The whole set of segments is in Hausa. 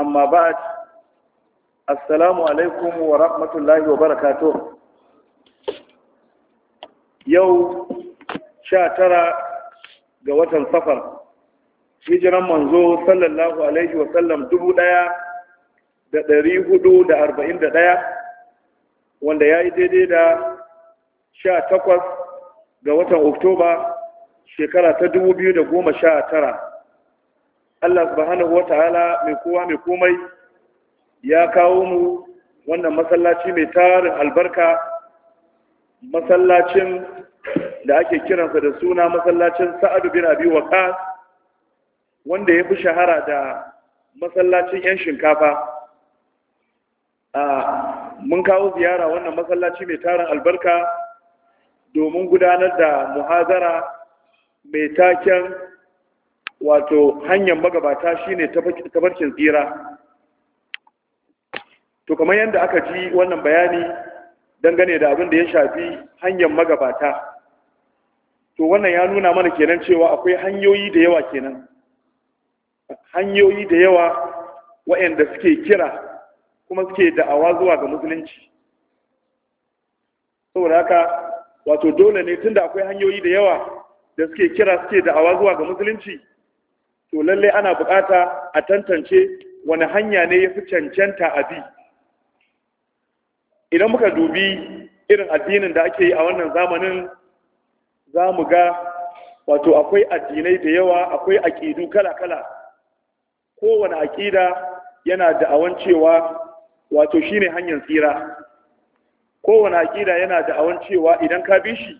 amma ba assalamu alaikum wa rahmatullahi wa barakato". yau sha tara ga watan safar hijiran manzo sallallahu alaihi wa sallam dubu ɗaya da ɗari hudu da arba'in da ɗaya wanda ya yi daidai da sha takwas ga watan oktoba shekara ta dubu biyu da goma sha tara Allah subhanahu wata'ala mai kowa mai komai ya kawo mu wannan masallaci mai tarin albarka masallacin da ake kiransa da suna masallacin sa'adu bin abi waqas wanda ya fi shahara da masallacin yan shinkafa a mun kawo ziyara wannan masallaci mai tarin albarka domin gudanar da muhazara mai taken wato hanyar magabata shine tabarkin tsira to kamar yadda aka ji wannan bayani dangane da abin da ya shafi hanyar magabata to wannan ya nuna mana kenan cewa akwai hanyoyi da yawa kenan hanyoyi da yawa waɗanda suke kira kuma suke da'awa zuwa ga musulunci saboda haka wato dole ne tunda akwai hanyoyi da yawa da suke kira suke da'awa zuwa ga musulunci to lalle ana bukata a tantance wani hanya ne ya fi cancanta a bi idan muka dubi irin addinin da ake yi a wannan zamanin za mu ga wato akwai addinai da yawa akwai aƙidu kala-kala kowane aƙida yana da'awan cewa wato shi ne hanyar tsira kowane aƙida yana da'awan cewa idan ka bi shi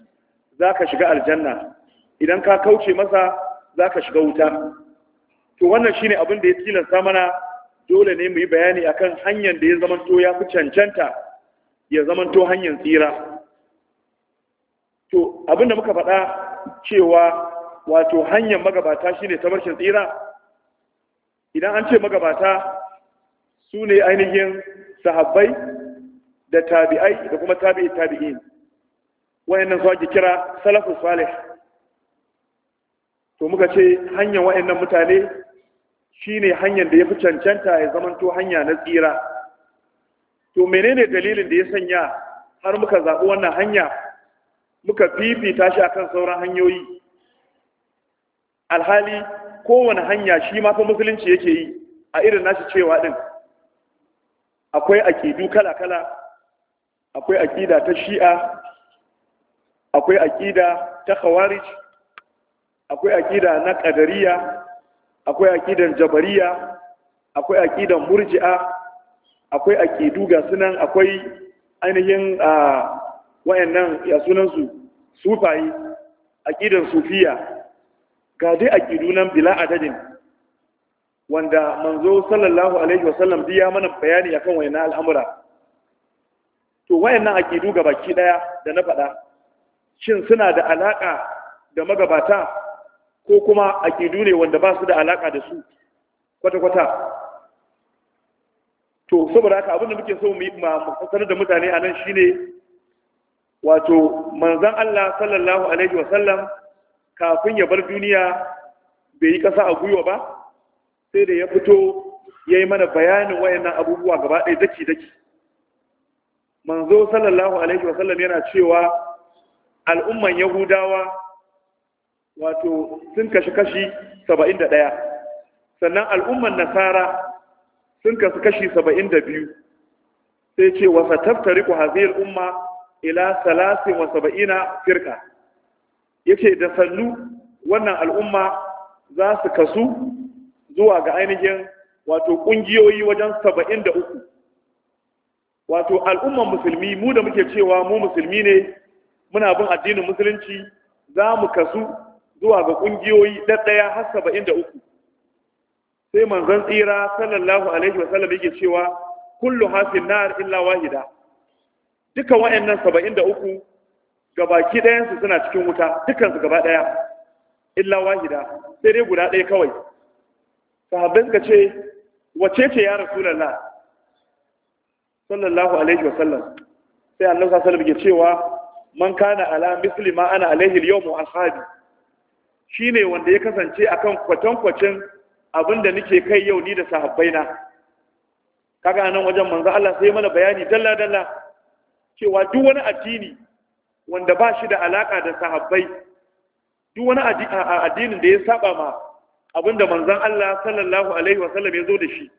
za ka shiga aljanna idan ka kauce masa za ka shiga wuta to wannan shine abin da ya tilasta mana dole ne mu yi bayani akan hanyar da ya zamanto ya fi cancanta ya zamanto hanyar tsira to abin da muka faɗa cewa wato hanyar magabata shine tabarshin tsira idan an ce magabata su ne ainihin sahabbai da tabi'ai da kuma tabi'i tabi'in wayannan su ake kira salafus salih to muka ce hanyar wayannan mutane Shi ne hanyar da ya fi cancanta ya zamanto hanya na tsira to menene dalilin da ya sanya har muka zaɓi wannan hanya muka fifita shi akan sauran hanyoyi alhali kowane hanya shi ma fa musulunci yake yi a irin nashi cewa ɗin akwai aƙidu kala-kala akwai aƙida ta shi'a akwai aƙida ta khawarij akwai aƙida na ƙadariya akwai aqidan jabariya akwai aqidan murji'a akwai aqidu ga sunan akwai ainihin a wayannan ya sunan su sufai aqidan sufiya ga dai aqidu nan bila adadin wanda manzo sallallahu alaihi wasallam biya mana bayani akan wayannan al'amura to wayannan aqidu ga baki daya da na faɗa shin suna da alaka da magabata ko kuma ke ne wanda ba su da alaƙa da su kwata-kwata to saboda haka abinda muke so mu yi sanar da mutane a nan shine wato manzan Allah sallallahu alaihi wasallam kafin ya bar duniya bai yi ƙasa a gwiwa ba sai da ya fito ya yi mana bayanin wayannan abubuwa gaba ɗai daki-daki manzo sallallahu alaihi wasallam yana cewa al'umman yahudawa wato sun kashi kashi saba'in da ɗaya sannan al'umman nasara sun kasu kashi saba'in da biyu sai ce wasa taftari ku haziyar umma ila salasin wa saba'ina firka ya ce da sannu wannan al'umma za su kasu zuwa ga ainihin wato ƙungiyoyi wajen saba'in da uku wato al'umman musulmi mu da muke cewa mu musulmi ne muna bin addinin musulunci za mu kasu zuwa ga kungiyoyi ɗaɗɗaya har saba'in da uku sai manzon tsira sallallahu alaihi wa sallam yake cewa kullu hafin nar illa wahida duka wayannan saba'in da uku gabaki ɗayansu suna cikin wuta dukansu gaba ɗaya illa wahida sai dai guda ɗaya kawai sahabbai suka ce wace ce ya rasulallah sallallahu alaihi wa sallam sai annabi sallallahu alaihi wa sallam yake cewa man kana ala misli ma ana alaihi al-yawm ashabi Shi ne wanda ya kasance a kan kwacen-kwacen abin da nake kai yau ni da sahabbaina kaga nan wajen manzo Allah sai mana bayani dalla dalla cewa duk wani addini wanda ba shi da alaka da sahabbai duk wani addinin da ya saba ma abinda manzon Allah sallallahu alaihi wasallam ya zo da shi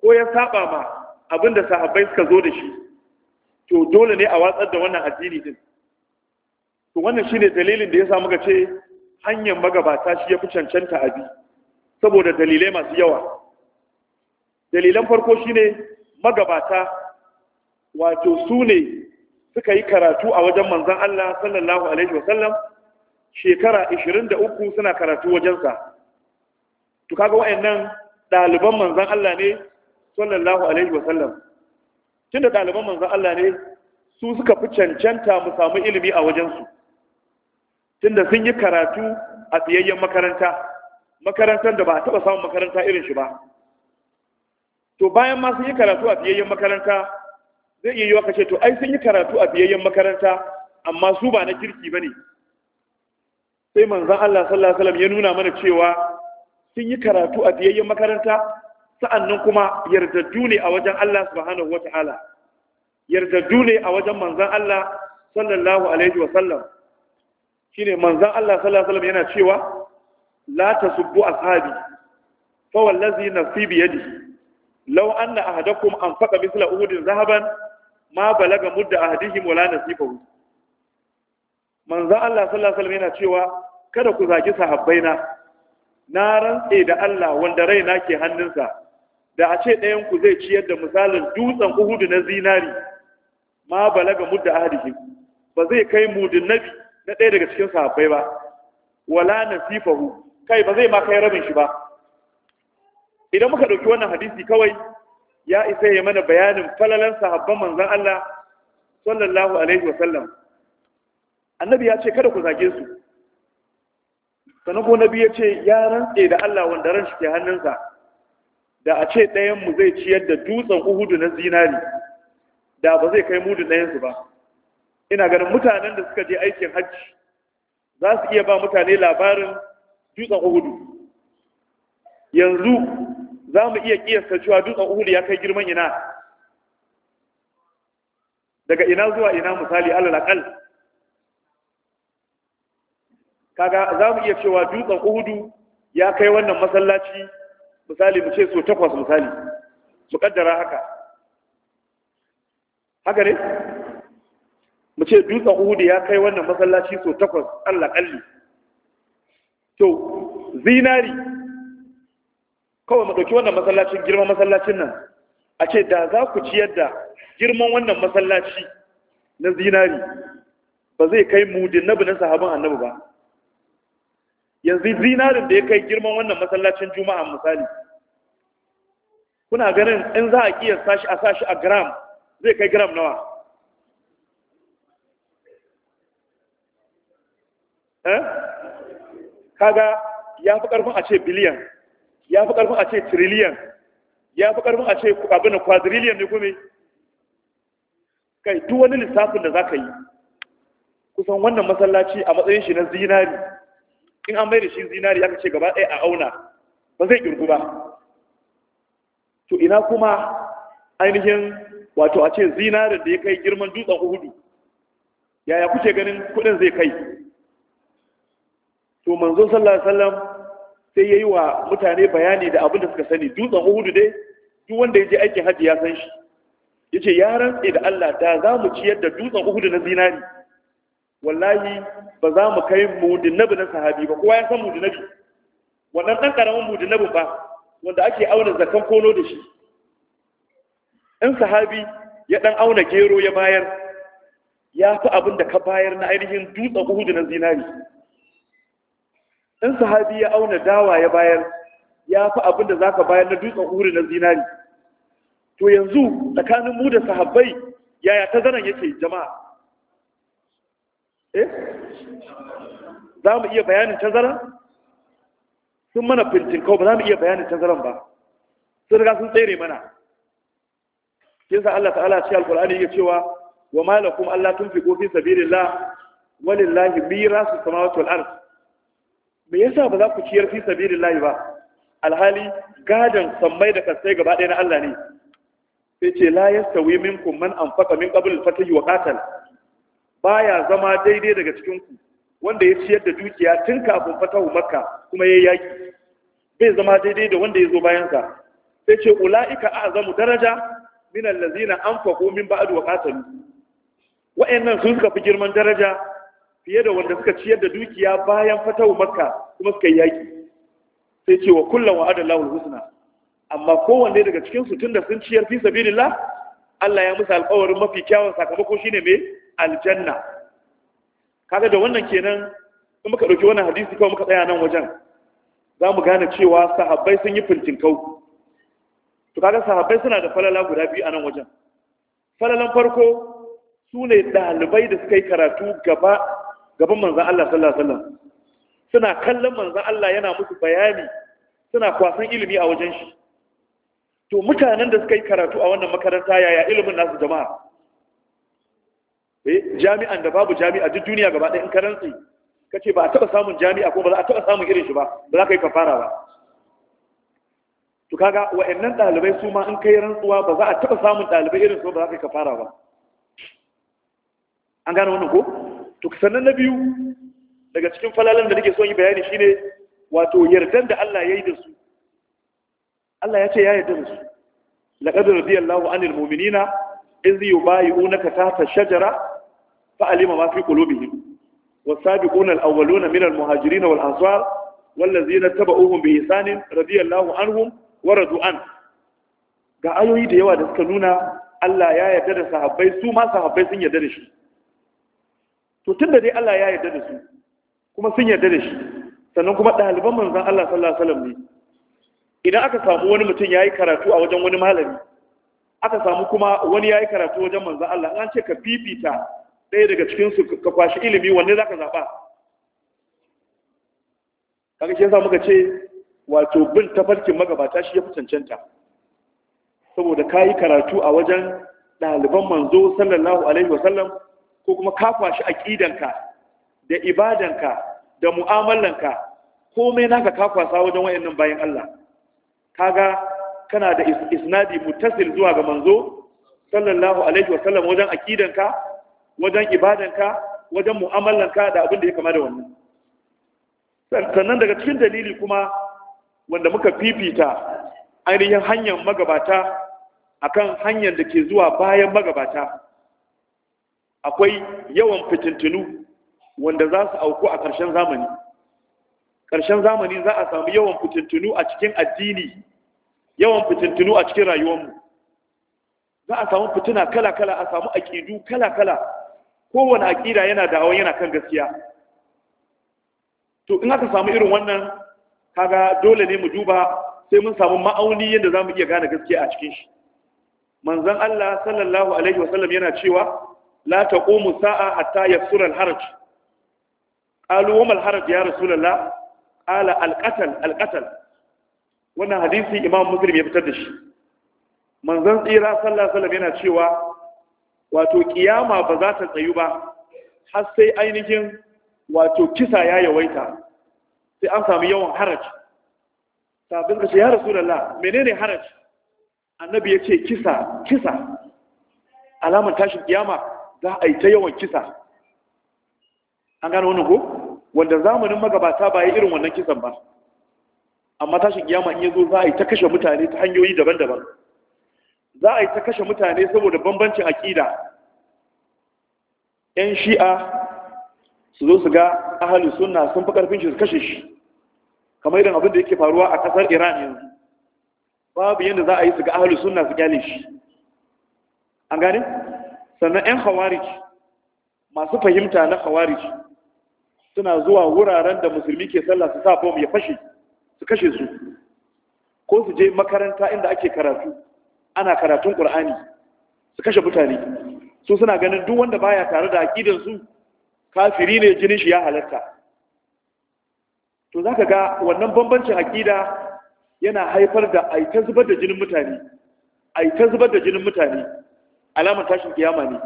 ko ya saba ma abinda sahabbai suka zo da shi to dole ne a watsar da wannan addini din to wannan shine dalilin da ya sa muka ce hanyar magabata shi ya fi cancanta abi saboda dalilai masu yawa dalilan farko shine magabata wato su ne suka yi karatu a wajen manzan Allah sallallahu alaihi wasallam shekara 23 suna karatu wajensa to kaga nan, ɗaliban manzan Allah ne sallallahu alaihi wasallam tunda ɗaliban manzan Allah ne su suka fi cancanta mu samu ilimi a wajensu tunda sun yi karatu a tsayayyen makaranta makarantar da ba a taba samun makaranta irin shi ba to bayan ma sun yi karatu a tsayayyen makaranta zai iya yiwa ce to ai sun yi karatu a tsayayyen makaranta amma su ba na kirki ne. sai manzon Allah sallallahu ya nuna mana cewa sun yi karatu a tsayayyen makaranta sa'annan kuma yardaddu ne a wajen Allah subhanahu wataala yardaddu ne a wajen manzon Allah sallallahu alaihi wasallam shine manzan Allah sallallahu alaihi wasallam yana cewa la tasubbu ashabi fa wallazi nafsi bi yadihi law anna ahadakum anfaqa mithla uhudin zahaban ma balaga mudda ahadihim wala nasifahu Manzan Allah sallallahu alaihi wasallam yana cewa kada ku zaki sahabbaina na rantse da Allah wanda raina ke hannunsa da a ce ɗayan ku zai ciyar da misalin dutsen uhudu na zinari ma balaga mudda ahadihim ba zai kai mudin nabi na ɗaya daga cikin sahabbai ba wala nasifahu kai ba zai ma kai rabin shi ba idan muka ɗauki wannan hadisi kawai ya isa ya mana bayanin falalan sahabban manzon Allah sallallahu alaihi wasallam annabi ya ce kada ku zage su sannan ko nabi ya ce ya rantse da Allah wanda ran shi ke hannunsa da a ce ɗayan mu zai ciyar da dutsen uhudu na zinari da ba zai kai mudu ɗayansu ba ina ganin mutanen da suka je aikin hajji za su iya ba mutane labarin dutsen uhudu yanzu za mu iya kiyasta cewa dutsen uhudu ya kai girman ina daga ina zuwa ina misali alalakal kaga za mu iya cewa dutsen uhudu ya kai wannan masallaci misali mu ce so takwas misali mu kaddara haka haka ne mu ce dutsen uhudu ya kai wannan masallaci so takwas allah kalli to zinari kawai mu ɗauki wannan masallacin girman masallacin nan a ce da za ku ciyar da girman wannan masallaci na zinari ba zai kai mudin nabi na sahabin annabi ba yanzu zinarin da ya kai girman wannan masallacin juma'a misali kuna ganin in za a kiyasta shi a sa a gram zai kai gram nawa Eh? kaga ya fi karfin a ce biliyan ya fi karfin a ce triliyan ya fi karfin a ce abin da quadrillion ne kuma kai duk wani lissafin da za ka yi kusan wannan masallaci a matsayin shi na zinari in an bai da shi zinari aka ce gaba ɗaya a auna ba zai ƙirgu ba to ina kuma ainihin wato a ce zinarin da ya kai girman dutsen uhudu yaya kuke ganin kuɗin zai kai to manzo sallallahu alaihi wasallam sai yayi wa mutane bayani da abin da suka sani dutsen Uhud dai duk wanda ya je aikin haji ya san shi yace ya rantse da Allah da za mu ciyar da dutsen Uhud na zinari wallahi ba za mu kai nabi na sahabi ba kowa ya san nabi. wannan dan karamin nabi ba wanda ake auna zakan kono da shi in sahabi ya dan auna gero ya bayar ya fi abin da ka bayar na ainihin dutsen Uhud na zinari in sahabi ya auna dawa ya bayar ya fi abin da za ka bayar na dutsen uri na zinari to yanzu tsakanin mu da sahabbai yaya ta zanen yake jama'a eh za mu iya bayanin tazara sun mana fintin kawai ba za mu iya bayanin tazaran ba sun riga sun tsere mana kinsa Allah ta'ala ce alkur'ani yake cewa wa malakum Allah tunfiqu fi sabilillah walillahi mirasu samawati wal ardh me yasa ba za ku ciyar fi sabilillahi ba alhali gadan sammai da kasai gaba ɗaya na Allah ne sai ce la yastawi minkum man anfaqa min qabl al-fatih wa qatal baya zama daidai daga cikin ku wanda ya ciyar da dukiya tun kafin fatahu makka kuma ya yaki bai zama daidai da wanda ya zo bayan sa sai ce ulaika a'zamu daraja min allazina anfaqu min ba'd wa qatal wa'annan sun fi girman daraja fiye da wanda suka ciyar da dukiya bayan fatawu makka kuma suka yi yaki sai ce wa kullum wa'ada lahul husna amma kowanne daga cikin su tunda sun ciyar fi sabilillah Allah ya musu alƙawarin mafi kyawun sakamako shine mai aljanna kaga da wannan kenan in muka dauki wannan hadisi kawai muka tsaya nan wajen za mu gane cewa sahabbai sun yi fintinkau to kaga sahabbai suna da falala guda biyu a nan wajen falalan farko su ne ɗalibai da suka yi karatu gaba gaban manzan Allah sallallahu alaihi wasallam suna kallon manzan Allah yana musu bayani suna kwasan ilimi a wajen shi to mutanen da suka yi karatu a wannan makaranta yaya ilimin nasu jama'a eh jami'an da babu jami'a duk duniya gaba ɗaya in ka rantsi kace ba a taba samun jami'a ko ba za a taba samun irin shi ba ba za ka yi kafara ba to kaga wa'annan ɗalibai su ma in kai rantsuwa ba za a taba samun ɗalibai irin su ba za ka yi kafara ba an gane wannan ko to sannan na biyu daga cikin falalan da nake son yi bayani shine wato yardan da Allah ya yi da su Allah ya ce ya yarda da su laqad radiyallahu anil mu'minina iz yubayyi'unaka tahta shajara fa alima ma fi qulubihim والسابقون الأولون Muhajirina, wal والأنصار والذين Taba, بإحسان رضي الله عنهم ورضوا an ga ayoyi da yawa da suka nuna Allah ya yarda da sahabbai su ma sahabbai sun yarda da shi to tun da dai Allah ya yarda da su kuma sun yarda da shi sannan kuma ɗaliban manzan Allah sallallahu alaihi wasallam ne idan aka samu wani mutum ya yi karatu a wajen wani malami aka samu kuma wani ya yi karatu wajen manzan Allah an ce ka fifita ɗaya daga cikinsu ka kwashi ilimi wanne za ka zaɓa kaga shi yasa muka ce wato bin tafarkin magabata shi ya fi cancanta saboda ka karatu a wajen ɗaliban manzo sallallahu alaihi wasallam ko kuma ka kwashi aqidanka da ibadanka da mu'amalanka komai naka ka kwasa wajen wayannan bayan Allah kaga kana da isnadi muttasil zuwa ga manzo sallallahu alaihi wa sallam wajen aqidanka wajen ibadanka wajen mu'amalanka da abin da ya kama da wannan sannan daga cikin dalili kuma wanda muka fifita ainihin hanyar magabata akan hanyar da ke zuwa bayan magabata akwai yawan fitintunu wanda za su auku a ƙarshen zamani ƙarshen zamani za a samu yawan fitintunu a cikin addini yawan fitintunu a cikin rayuwanmu. za a samu fitina kala-kala a samu aƙidu kala-kala kowane aƙida yana da hawan yana kan gaskiya to in aka samu irin wannan kaga dole ne mu duba sai mun samu ma'auni yadda za mu iya gane gaskiya a cikin shi manzan Allah sallallahu alaihi wasallam yana cewa la taqumu sa'a hatta yasura al-haraj qalu wa ya rasulullah qala al-qatl al wannan hadisi imam muslim ya fitar da shi manzon tsira sallallahu alaihi yana cewa wato kiyama ba za ta tsayu ba har sai ainihin wato kisa ya yawaita sai an samu yawan haraj sabin da shi ya rasulullah menene haraj annabi ya ce kisa kisa alamar tashin ƙiyama. za a yi ta yawan kisa an gano wani ko wanda zamanin magabata ba ya irin wannan kisan ba amma tashin kiyama in yazo za a yi ta kashe mutane ta hanyoyi daban-daban za a yi ta kashe mutane saboda bambancin aƙida ‘yan shi'a su zo su ga ahalin suna sun fi ƙarfin shi su kashe shi kamar irin abin da yake faruwa a ƙasar iran yanzu babu yadda za a yi su ga ahalin suna su gyale shi an gane sannan 'yan khawarij masu fahimta na khawarij suna zuwa wuraren da musulmi ke sallah su sa bom ya fashe su kashe su ko su je makaranta inda ake karatu ana karatun qur'ani su kashe mutane su suna ganin duk wanda baya tare da aqidar kafiri ne jinin shi ya halarta. to zaka ga wannan bambancin akida yana haifar da aita zubar da jinin mutane zubar da jinin mutane alamar tashin kiyama ne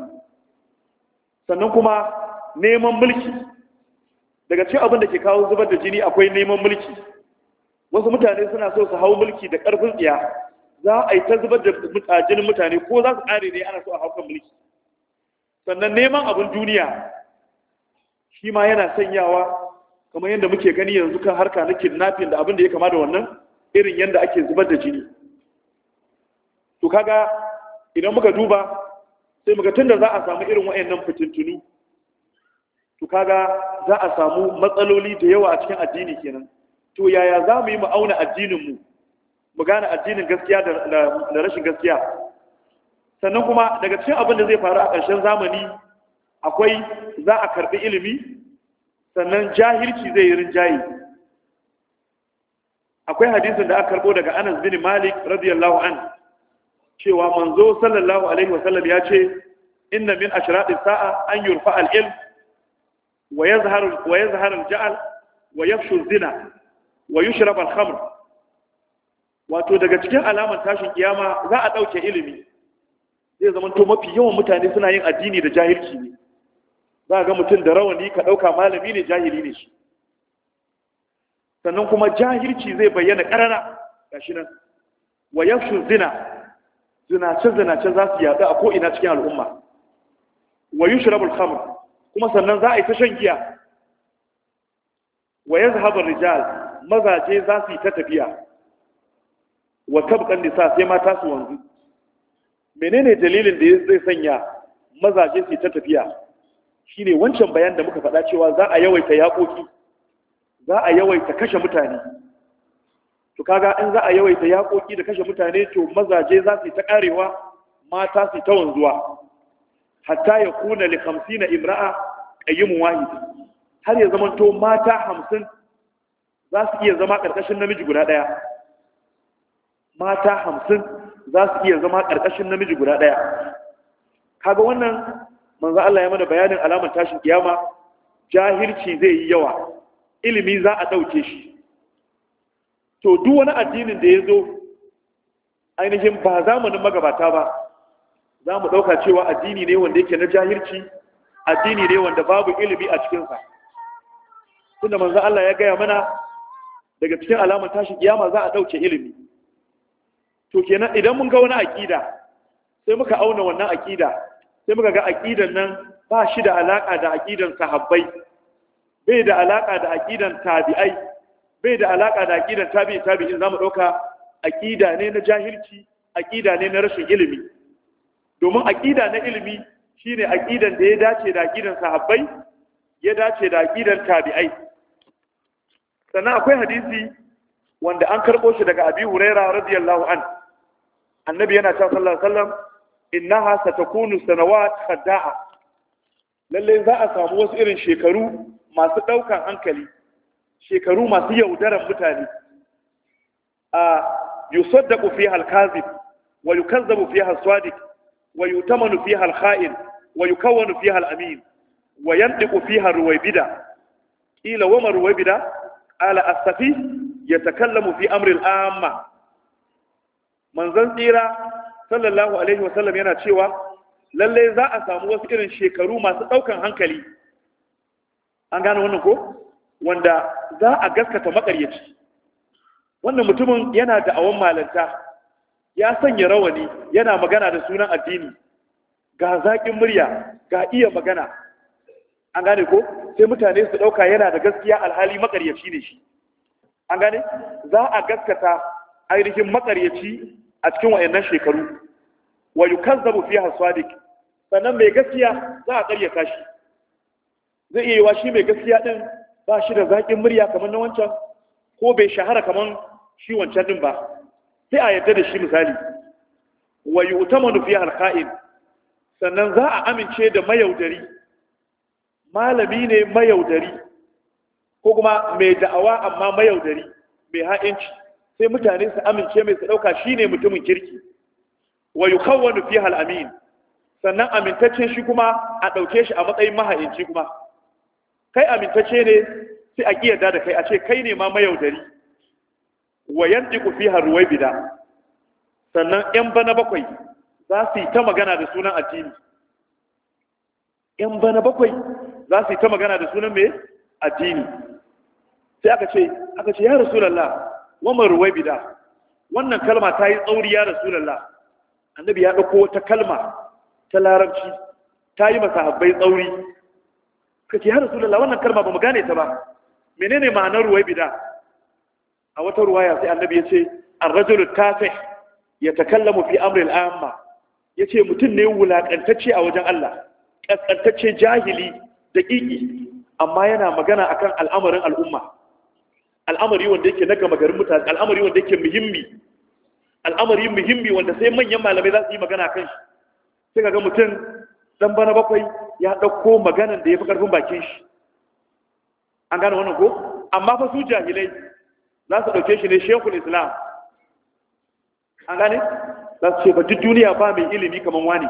sannan kuma neman mulki daga cikin abin da ke kawo zubar da jini akwai neman mulki wasu mutane suna so su hau mulki da ƙarfin tsiya za a yi ta zubar da jinin mutane ko za su ƙare ne ana so a haukan mulki sannan neman abin duniya shi ma yana sanyawa kamar yadda muke gani yanzu kan harka na kidnapping da abin da ya kama da wannan irin yadda ake zubar da jini to kaga idan muka duba sai muka tunda za a samu irin wayannan fitintunu to kaga za a samu matsaloli da yawa a cikin addini kenan to yaya za mu yi mu auna addinin mu mu gane addinin gaskiya da rashin gaskiya sannan kuma daga cikin abin da zai faru a ƙarshen zamani akwai za a karɓi ilimi sannan jahilci zai yi rinjaye akwai hadisin da aka karɓo daga anas bin malik radiyallahu an cewa manzo sallallahu alaihi wasallam ya ce inna min ashrati sa'a an yurfa al-ilm wa yazhar wa al-ja'al wa yafshu zina wa yushrab al-khamr wato daga cikin alamar tashin kiyama za a dauke ilimi zai zama to mafi yawan mutane suna yin addini da jahilci ne za ga mutum da rawani ka dauka malami ne jahili ne shi sannan kuma jahilci zai bayyana karara gashi nan wa yafshu zina zinace-zinace za su yada a ko'ina cikin al'umma wa yi shirabul kuma sannan za a yi ta shan giya wa yanzu zahabar rijal mazaje za su yi ta tafiya wa tabbatar nisa sai mata su wanzu menene dalilin da zai sanya mazaje su yi ta tafiya Shi ne wancan bayan da muka faɗa cewa za a yawaita yaƙoƙi za a yawaita kashe mutane to kaga in za a yawaita yaƙoƙi da kashe mutane to mazaje za su yi ta karewa mata su ta wanzuwa hatta ya kuna li hamsina imra'a qayyimun wahid har ya zama to mata hamsin za su iya zama ƙarƙashin namiji guda ɗaya mata hamsin za su iya zama karkashin namiji guda daya kaga wannan manzo Allah ya mana bayanin alamar tashin kiyama jahilci zai yi yawa ilimi za a ɗauke shi to duk wani addinin da ya zo ainihin ba zamanin magabata ba za mu ɗauka cewa addini ne wanda yake na jahirci, addini ne wanda babu ilimi a cikinsa tunda manzan Allah ya gaya mana daga cikin alamun tashin kiyama za a ɗauke ilimi to kenan idan mun ga wani aƙida sai muka auna wannan aƙida sai muka ga aƙidan nan ba shi da alaƙa da aƙidan sahabbai bai da alaƙa da aƙidan tabi'ai bai da alaka da aqidar tabi tabi'in zamu dauka aqida ne na jahilci aqida ne na rashin ilimi domin aqida na ilimi shine aqidan da ya dace da aqidan sahabbai ya dace da aqidan tabi'ai sannan akwai hadisi wanda an karbo shi daga Abi Huraira radiyallahu an annabi yana cewa sallallahu alaihi wasallam innaha satakunu sanawat khada'a lalle za a samu wasu irin shekaru masu daukan hankali shekaru masu yaudaran mutane a yusaddaqu fiha al-kazib wa yukazzabu fiha as-sadiq wa yutamanu fiha al-kha'in wa yukawwanu fiha al-amin wa yantiqu fiha ar-ruwaybida qila wa ma ruwaybida ala as-safi yatakallamu fi amri al-amma manzon tsira sallallahu alaihi wa sallam yana cewa lallai za a samu wasu irin shekaru masu ɗaukan hankali an gane wannan ko wanda za a gaskata makaryaci wannan mutumin yana da awon malanta ya sanya rawani yana magana da sunan addini ga zaƙin murya ga iya magana an gane ko sai mutane su ɗauka yana da gaskiya alhali makaryaci ne shi an gane za a gaskata ainihin makaryaci a cikin wayannan shekaru wa yukazzabu fiha sadiq sannan mai gaskiya za a ƙaryata shi zai iya yiwa shi mai gaskiya ɗin? ba shi da zaƙin murya kamar na wancan ko bai shahara kamar shi wancan din ba sai a yarda da shi misali wa yu'tamanu fi alka'in sannan za a amince da mayaudari malami ne mayaudari ko kuma mai da'awa amma mayaudari mai ha'inci sai mutane su amince mai su shi shine mutumin kirki wa yi kawo al-amin sannan amintaccen shi kuma a ɗauke shi a matsayin maha'inci kuma kai amintacce ne sai a kiyarda da kai a ce kai ne ma mayaudari wa yantiqu fiha bida. sannan yan bana bakwai za su yi ta magana da sunan addini yan bana bakwai za su yi ta magana da sunan me addini sai aka ce aka ce ya rasulullah wa ruwai bida. wannan kalma ta yi tsauri ya rasulullah annabi ya dauko wata kalma ta larabci ta yi habbai tsauri ka ce ya rasulullah wannan kalma ba mu gane ta ba menene ma'anar ruwai bida a wata ruwaya sai annabi ya ce arrajulu tafih ya takallamu fi amri al'amma ya ce mutum ne wulaƙantacce a wajen Allah ƙasƙantacce jahili da ƙiƙi amma yana magana akan al'amarin al'umma al'amari wanda yake na gama garin mutane al'amari wanda yake muhimmi al'amari muhimmi wanda sai manyan malamai za su yi magana kan shi sai ga mutum dan bana bakwai ya ɗauko maganan da ya fi ƙarfin bakin shi an gane wannan ko amma fa su jahilai za su ɗauke shi ne shekul islam an gane za su ce ba duk duniya ba mai ilimi kamar wani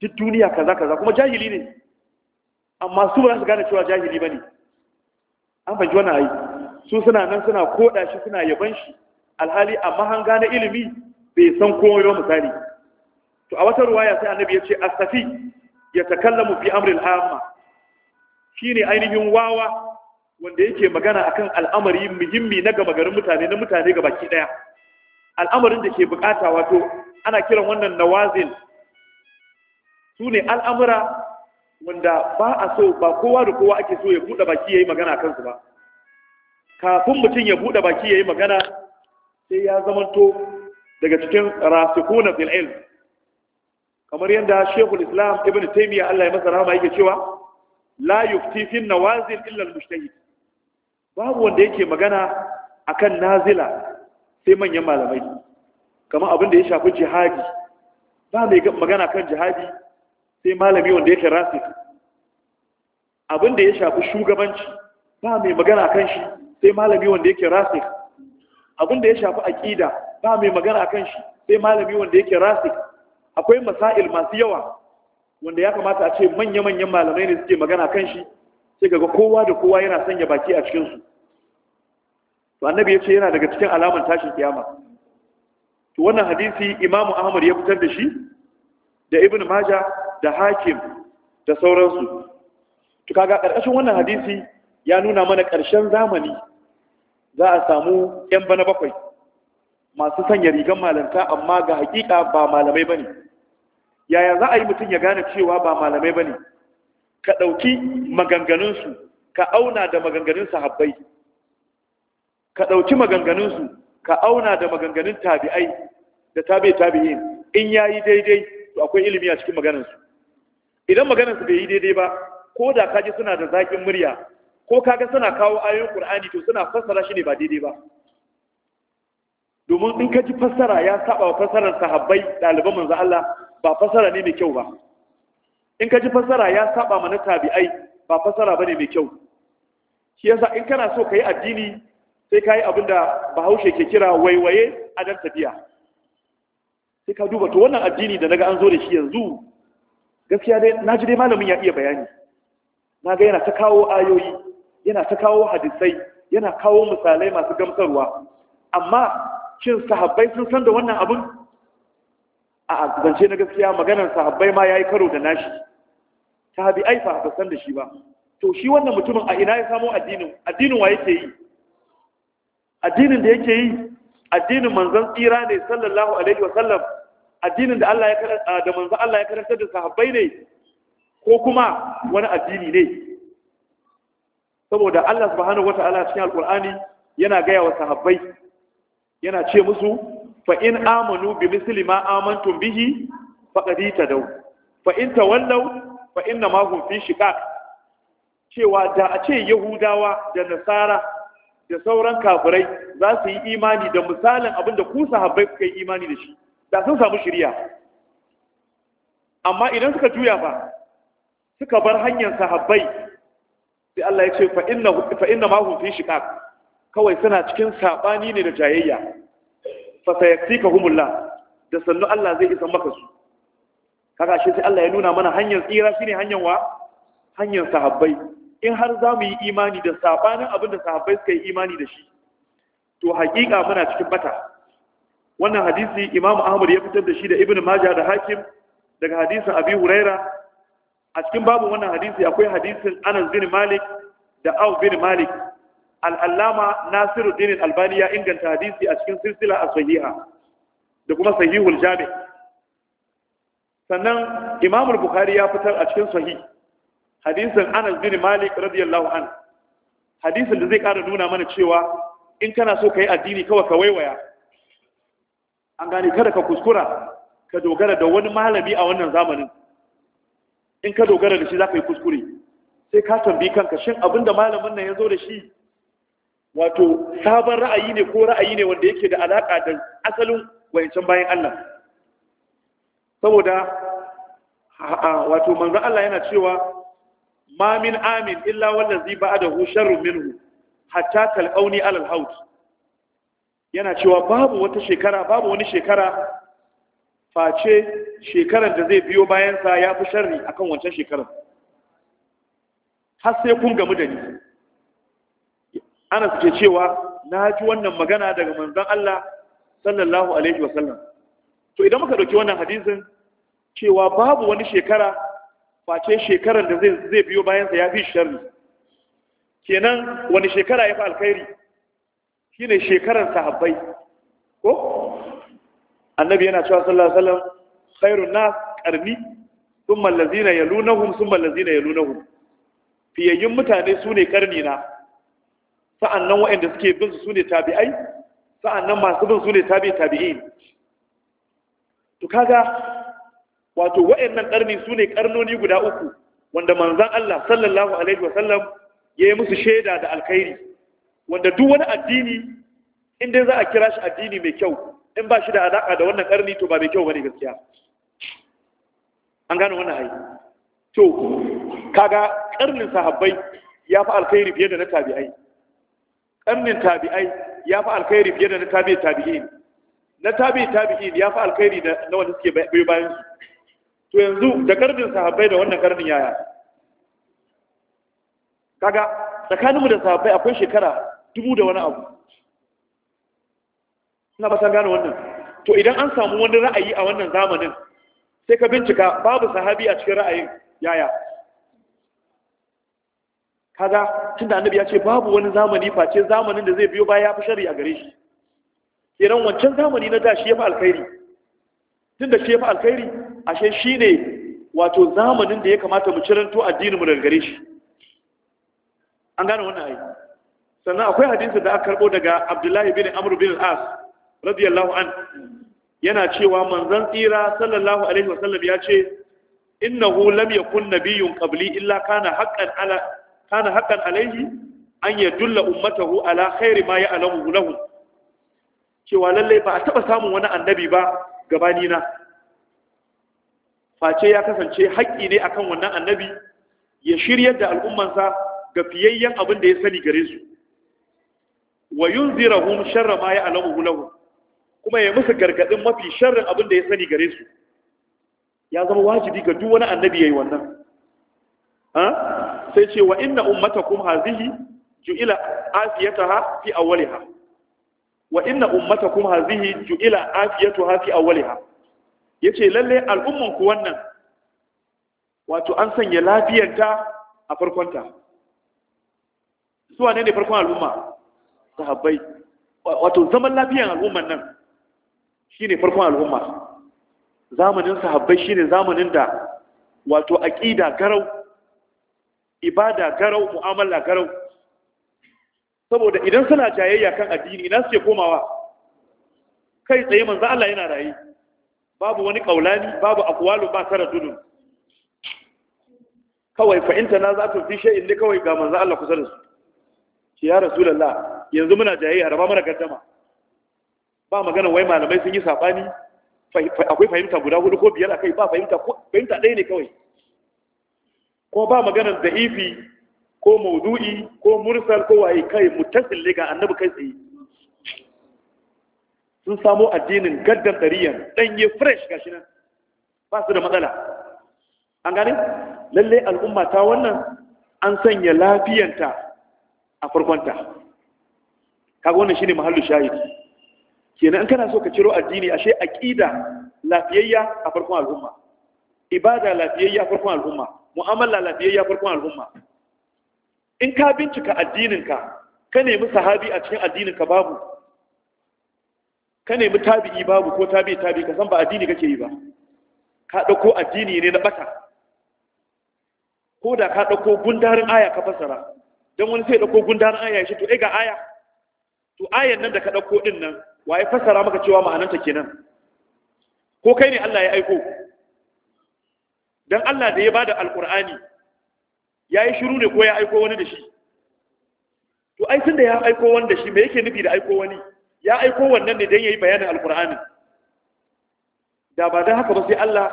duk duniya kaza kaza kuma jahili ne amma su ba su gane cewa jahili ba ne an fahimci wannan ayi su suna nan suna koɗa shi suna yaban shi alhali amma an gane ilimi bai san komai ba misali to a wata ruwaya sai annabi ya ce astafi ya takallamu fi amril shi ne ainihin wawa wanda yake magana akan al'amari muhimmi na gaba garin mutane na mutane ga baki daya al'amarin da ke bukata wato ana kiran wannan nawazin su ne al'amura wanda ba a so ba kowa da kowa ake so ya buɗe baki ya yi magana kansu ba kafin mutum ya buɗe baki ya yi magana sai ya zamanto daga cikin rasikuna fil kamar yadda shekul islam ibn taimiyya allah ya masa ma yake cewa la yufti fi nawazil illa al-mujtahid babu wanda yake magana akan nazila sai manyan malamai kamar abin da ya shafi jihadi ba mai magana kan jihadi sai malami wanda yake rasik abin da ya shafi shugabanci ba mai magana kan shi sai malami wanda yake rasik abin da ya shafi aqida ba mai magana kan shi sai malami wanda yake rasik akwai masail masu yawa wanda ya kamata a ce manya-manyan malamai ne suke magana kan shi sai ga kowa da kowa yana sanya baki a cikinsu to annabi ya ce yana daga cikin alaman tashin kiyama to wannan hadisi imamu ahmad ya fitar da shi da ibn maja da hakim da sauransu to kaga karkashin wannan hadisi ya nuna mana ƙarshen zamani za a samu yan bana bakwai masu sanya rigar malamta amma ga hakika ba malamai bane yaya za a yi mutum ya gane cewa ba malamai bane ka ɗauki maganganunsu ka auna da maganganun sahabbai ka ɗauki maganganunsu ka auna da maganganun tabi'ai da tabi'i tabi'in in yayi daidai to akwai ilimi a cikin maganarsu idan maganarsu bai yi daidai ba ko da kaji suna da zaƙin murya ko kaga suna kawo ayoyin Qur'ani to suna fassara shi ne ba daidai ba domin in ka ji fassara ya saba wa fassarar sahabbai ɗaliban manzo Allah ba fassara ne mai kyau ba in ka ji fassara ya saba mana tabi'ai ba fassara bane mai kyau shi yasa in kana so ka yi addini sai kai abin da Bahaushe ke kira waiwaye a dan tafiya sai ka duba to wannan addini da naga an zo da shi yanzu gaskiya dai ji dai malamin ya iya bayani naga yana ta kawo ayoyi yana ta kawo hadisai yana kawo misalai masu gamsarwa amma shin sahabbai sun san da wannan abin a zance na gaskiya maganar sahabbai ma ya yi karo da nashi sahabi ai ba san da shi ba to shi wannan mutumin a ina ya samo addinin addinin wa yake yi addinin da yake yi addinin manzon tsira ne sallallahu alaihi wasallam addinin da Allah ya karanta da manzon Allah ya karanta da sahabbai ne ko kuma wani addini ne saboda Allah subhanahu wata'ala cikin alqur'ani yana gaya wa sahabbai yana ce musu fa in amanu bi misli ma amantum bihi faqad ta fa in tawallaw fa inna ma hum fi shiqaq cewa da a ce yahudawa da nasara da sauran kafirai za su yi imani da misalin abin da ku sahabbai kuka yi imani da shi da sun samu shiriya amma idan suka juya ba suka bar hanyar sahabbai sai Allah ya ce fa inna ma fi shiqaq kawai suna cikin saɓani ne da jayayya ka humulla da sannu Allah zai isa maka su kaga shi sai Allah ya nuna mana hanyar tsira shine hanyar wa hanyar sahabbai in har za mu yi imani da sabanin abin sahabbai suka yi imani da shi to haƙiƙa muna cikin bata wannan hadisi Imam Ahmad ya fitar da shi da Ibn Majah da Hakim daga hadisin Abi Huraira a cikin babu wannan hadisi akwai hadisin Anas bin Malik da Auf bin Malik al'allama nasiru dinin albani ya inganta hadisi a cikin silsila a sahiha da kuma sahihul jami sannan imamul bukhari ya fitar a cikin sahi? hadisin anas bin malik radiyallahu an hadisin da zai kara nuna mana cewa in kana so ka yi addini kawai ka waiwaya an gane kada ka kuskura ka dogara da wani malami a wannan zamanin in ka dogara da shi za ka yi kuskure sai ka tambi kanka shin abinda malamin nan ya zo da shi wato sabon ra'ayi ne ko ra'ayi ne wanda yake da alaƙa da asalin wancan bayan Allah saboda wato manzon Allah yana cewa ma min amin illa wallazi ba'adahu sharru minhu hatta talqauni alal haut yana cewa babu wata shekara babu wani shekara face shekarar da zai biyo bayansa ya fi sharri akan wancan shekarar har sai kun gamu da ni anas ke cewa na ji wannan magana daga manzan Allah sallallahu alaihi wasallam to idan muka dauki wannan hadisin cewa babu wani shekara face shekaran da zai zai biyo bayan sa yafi sharri kenan wani shekara fi alkhairi shine shekaran sahabbai ko annabi yana cewa sallallahu alaihi wasallam khairun nas qarni thumma allazina yalunahum thumma allazina yalunahum fiyayyun mutane sune karni na nan waɗanda suke bin su sune tabi'ai nan masu bin ne tabi tabi'in to kaga wato nan ƙarni ne ƙarnoni guda uku wanda manzan Allah sallallahu alaihi wasallam ya yi musu shaida da alkhairi wanda duk wani addini in dai za a kira shi addini mai kyau in ba shi da alaƙa da wannan ƙarni to ba mai kyau bane gaskiya an gano wannan hai to kaga ƙarnin sahabbai ya fi alkhairi fiye da na tabi'ai karnin tabi'ai ya fi alkhairi fiye da na tabi'i tabi'in na tabi'i tabi'in ya fi alkhairi da na wanda suke bai bayan su to yanzu da karnin sahabbai da wannan karnin yaya kaga tsakaninmu da sahabbai akwai shekara dubu da wani abu ina ba san gane wannan to idan an samu wani ra'ayi a wannan zamanin sai ka bincika babu sahabi a cikin ra'ayin yaya kaga tunda annabi ya ce babu wani zamani face zamanin da zai biyo baya ya fi shari a gare shi kenan wancan zamani na da shi ya fi alkhairi tunda shi ya fi alkhairi ashe shi ne wato zamanin da ya kamata mu ciranto addinin mu daga gare shi an gane wannan ayi sannan akwai hadisi da aka karbo daga Abdullahi bin Amr bin Al-As radiyallahu an yana cewa manzon tsira sallallahu alaihi wasallam ya ce innahu lam yakun nabiyyun qabli illa kana haqqan ala kana hakan alaihi an dulla ummatahu ala khairi ma ya'lamu lahum cewa lallai ba a taɓa samun wani annabi ba gabani na face ya kasance haƙƙi ne akan wannan annabi ya shiryar da al'ummansa ga fiyayyen abin da ya sani gare su wa yunzirahum sharra ma ya'lamu hulahu, kuma ya musu gargadin mafi sharrin abin da ya sani gare su ya zama wajibi ga duk wani annabi yayi wannan sai ce wa inna ummatakum hazihi ju'ila afiyataha fi awwaliha wa inna ummatakum hazihi ju'ila afiyataha fi awwaliha yace lalle al'umman ku wannan wato an sanya lafiyarta a farkonta su wane ne farkon al'umma sahabbai wato zaman lafiyar al'umman nan shine farkon al'umma zamanin sahabbai shine zamanin da wato aqida garau ibada garau mu'amala garau saboda idan suna jayayya kan addini na suke komawa kai tsaye manzo Allah yana rayi babu wani kaulani babu aqwalu ba tara dudun kawai fa inta nazatu fi shay'in ne kawai ga manzo Allah kusa da su ce ya rasulullah yanzu muna jayayya raba mana gaddama ba magana wai malamai sun yi sabani akwai fahimta guda hudu ko biyar akai ba fahimta fahimta ɗaya ne kawai ko ba maganar ifi ko maudu'i ko mursal ko waye kai mutasil ga annabi kai tsaye sun samo addinin gaddan ɗariyan ɗanye fresh gashi nan ba su da matsala an gane lalle al'umma ta wannan an sanya lafiyanta a farkonta kaga wannan shine mahallu shahidi kenan in kana so ka ciro addini ashe aqida lafiyayya a farkon al'umma ibada lafiyayya farkon al'umma mu'amala lafiyayya farkon al'umma in ka bincika addininka ka nemi sahabi a cikin addininka babu ka nemi tabi'i babu ko tabi'i tabi'i ka san ba addini kake yi ba ka dauko addini ne na bata ko da ka dauko gundarin aya ka fasara don wani sai dauko gundarin aya shi to ai eh, ga aya to ayan nan da ka dauko din nan waye fasara maka cewa ma'ananta kenan ko kai ne Allah ya aiko dan Allah da ya bada alqur'ani yayi shiru ne ko ya aiko wani da shi to ai tunda ya aiko wani da shi me yake nufi da aiko wani ya aiko wannan ne dan yi bayanin alqur'ani da ba dan haka ba sai Allah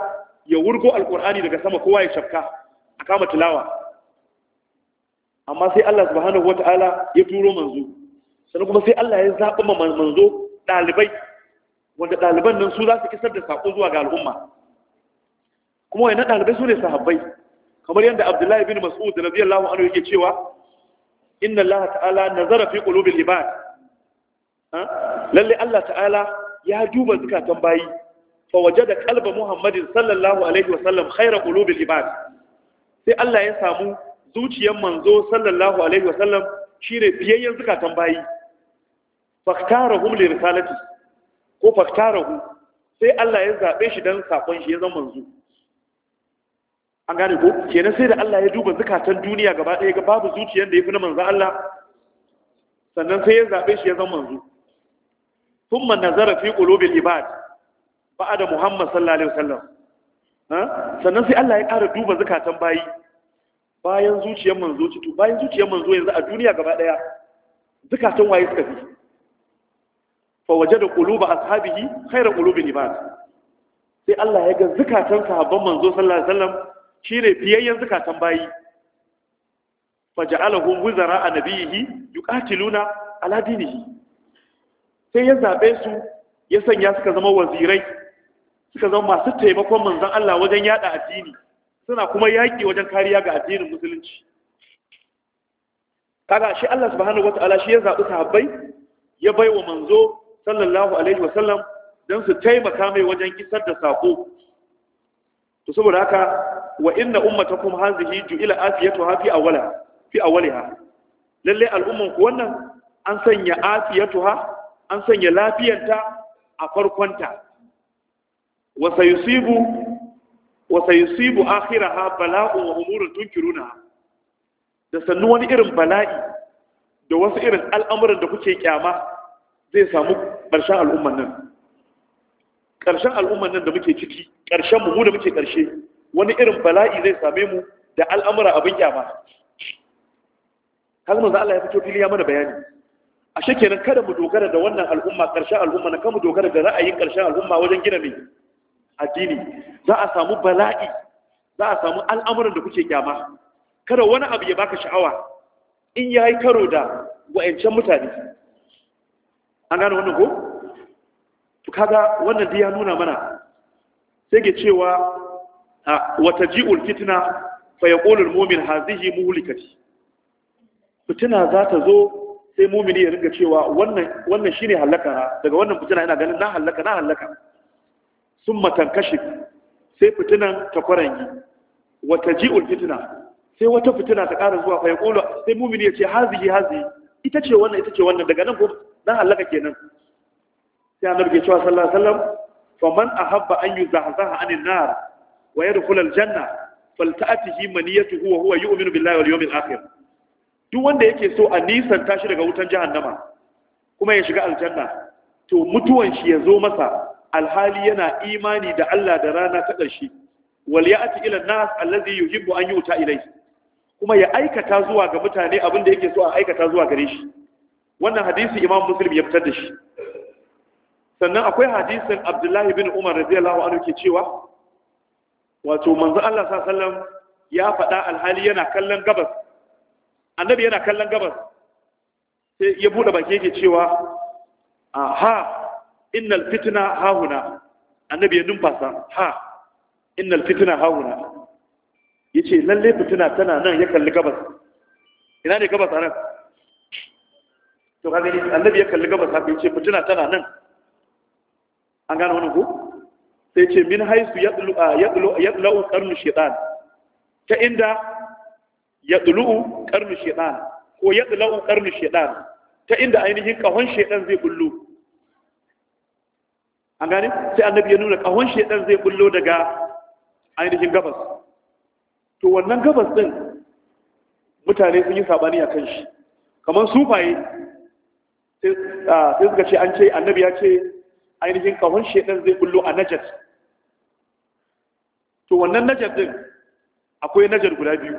ya wurgo alqur'ani daga sama kowa ya shafka a kama tilawa amma sai Allah subhanahu wataala ya turo manzo sannan kuma sai Allah ya zaɓi ma manzo ɗalibai wanda ɗaliban nan su za su kisar da saƙo zuwa ga al'umma kuma wai na ɗalibai su ne sahabbai kamar yadda abdullahi bin mas'ud da nabi allahu anu yake cewa inna allah ta'ala nazara fi qulubil ibad lalle allah ta'ala ya duba zukatan bayi fa wajada qalba muhammadin sallallahu alaihi wa sallam khayra qulubil ibad sai allah ya samu zuciyar manzo sallallahu alaihi wa sallam shine biyayyen zukatan bayi faktarahum li risalati ko faktarahum sai allah ya zabe shi dan sakon shi ya zama manzo an gane ko kenan sai da Allah ya duba zukatan duniya gaba ɗaya ga babu zuciyar da ya fi na manzo Allah sannan sai ya zaɓe shi ya zama manzo thumma nazara fi qulubil ibad da Muhammad sallallahu alaihi wasallam sannan sai Allah ya ƙara duba zukatan bayi bayan zuciyar manzo citu bayan zuciyar manzo yanzu a duniya gaba ɗaya zukatan waye suka fi fa wajada quluba ashabihi khayra qulubil ibad sai Allah ya ga zukatan sahabban manzo sallallahu alaihi wasallam Shi shine fiyayyen zukatan bayi faja'alahum wuzara a nabiyihi yuqatiluna ala dinihi sai ya zabe su ya sanya suka zama wazirai suka zama masu taimakon manzon Allah wajen yada addini suna kuma yaki wajen kariya ga addinin musulunci kaga shi Allah subhanahu wataala shi ya zabi sahabbai ya baiwa manzo sallallahu alaihi wasallam dan su taimaka mai wajen kisar da sako to saboda haka wa inna ummatakum ta ju'ila afiyatuha fi awwala fi awwaliha lalle al'umman ku wannan an sanya afiyatuha an sanya lafiyanta a farkonta wa sayusibu wa sayusibu akhiraha bala'un wa umurun tunkiruna da sannu wani irin bala'i da wasu irin al'amuran da kuke kyama zai samu ƙarshen al'umman nan ƙarshen al'ummar nan da muke ciki ƙarshen mu da muke ƙarshe wani irin bala'i zai same mu da al'amura abin kyama kalmar za Allah ya fito fili ya mana bayani a shekenan kada mu dogara da wannan al'umma ƙarshen al'umma na kama dogara da ra'ayin ƙarshen al'umma wajen gina mai addini za a samu bala'i za a samu al'amuran da kuke kyama kada wani abu ya baka sha'awa in ya yi karo da wa'ancan mutane an gane wannan ko to kaga wannan da ya nuna mana sai ke cewa wata ji'ul fitna fa yaqulu al-mu'min hadhihi muhlikati fitina za ta zo sai mumini ya ringa cewa wannan wannan shine halaka daga wannan fitina ina ganin na halaka na halaka summa tankashif sai fitinan ta kwarangi wata ji'ul fitna sai wata fitina ta ƙara zuwa fa yaqulu sai mumini ya ce hadhihi hadhihi ita ce wannan ita ce wannan daga nan ko na halaka kenan sai annabi ke cewa sallallahu alaihi wasallam fa man ahabba an yuzahzaha anin nar wa yadkhul aljanna falta'atihi maniyatuhu wa huwa yu'minu billahi wal yawmil akhir duk wanda yake so a nisanta shi daga wutan jahannama kuma ya shiga aljanna to mutuwan shi ya zo masa alhali yana imani da Allah da rana ta karshe wal ya'ti ila nas allazi yuhibbu an yuta ilayhi kuma ya aikata zuwa ga mutane abin da yake so a aikata zuwa gare shi wannan hadisi imam muslim ya fitar da shi sannan akwai hadisin abdullahi bin umar radiyallahu anhu ke cewa wato manzo Allah sallallahu ya faɗa alhali yana kallon gabas annabi yana kallon gabas sai ya bude baki yake cewa aha innal fitna hahuna annabi ya numfasa ha innal fitna hahuna yace lalle fitina tana nan ya kalli gabas ina ne gabas anan to kaga annabi ya kalli gabas haka yace fitina tana nan an gane wani ko sai ce min haisu yadla'u ah, karnu shaitan ta inda yadla'u karnu shaitan ko yadla'u karnu shaitan ta inda ainihin kahon shaitan zai bullo an gane sai annabi ya nuna kahon shaitan zai bullo daga ainihin gabas to wannan gabas din mutane sun yi sabani a kan shi kamar sufaye ah, sai suka ce an ce annabi ya ce ainihin kawon shaidan zai bullo a najar to wannan najar din akwai najar guda biyu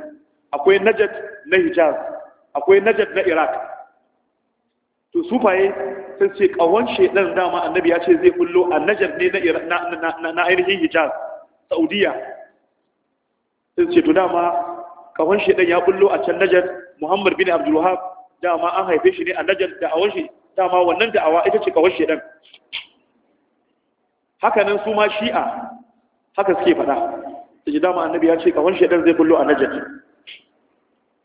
akwai najar na hijaz akwai najar na iraq to sufaye sun ce kahon da dama annabi ya ce zai bullo a najar ne na ainihin hijaz saudiya sun ce to dama kawon shaidan ya bullo a can najar muhammad bin abdulwahab dama an haife shi ne a najar da'awar shi dama wannan da'awa ita ce kawon shaidan haka nan su ma shi'a haka suke faɗa su ji dama annabi ya ce kawon shaidar zai kullo a najat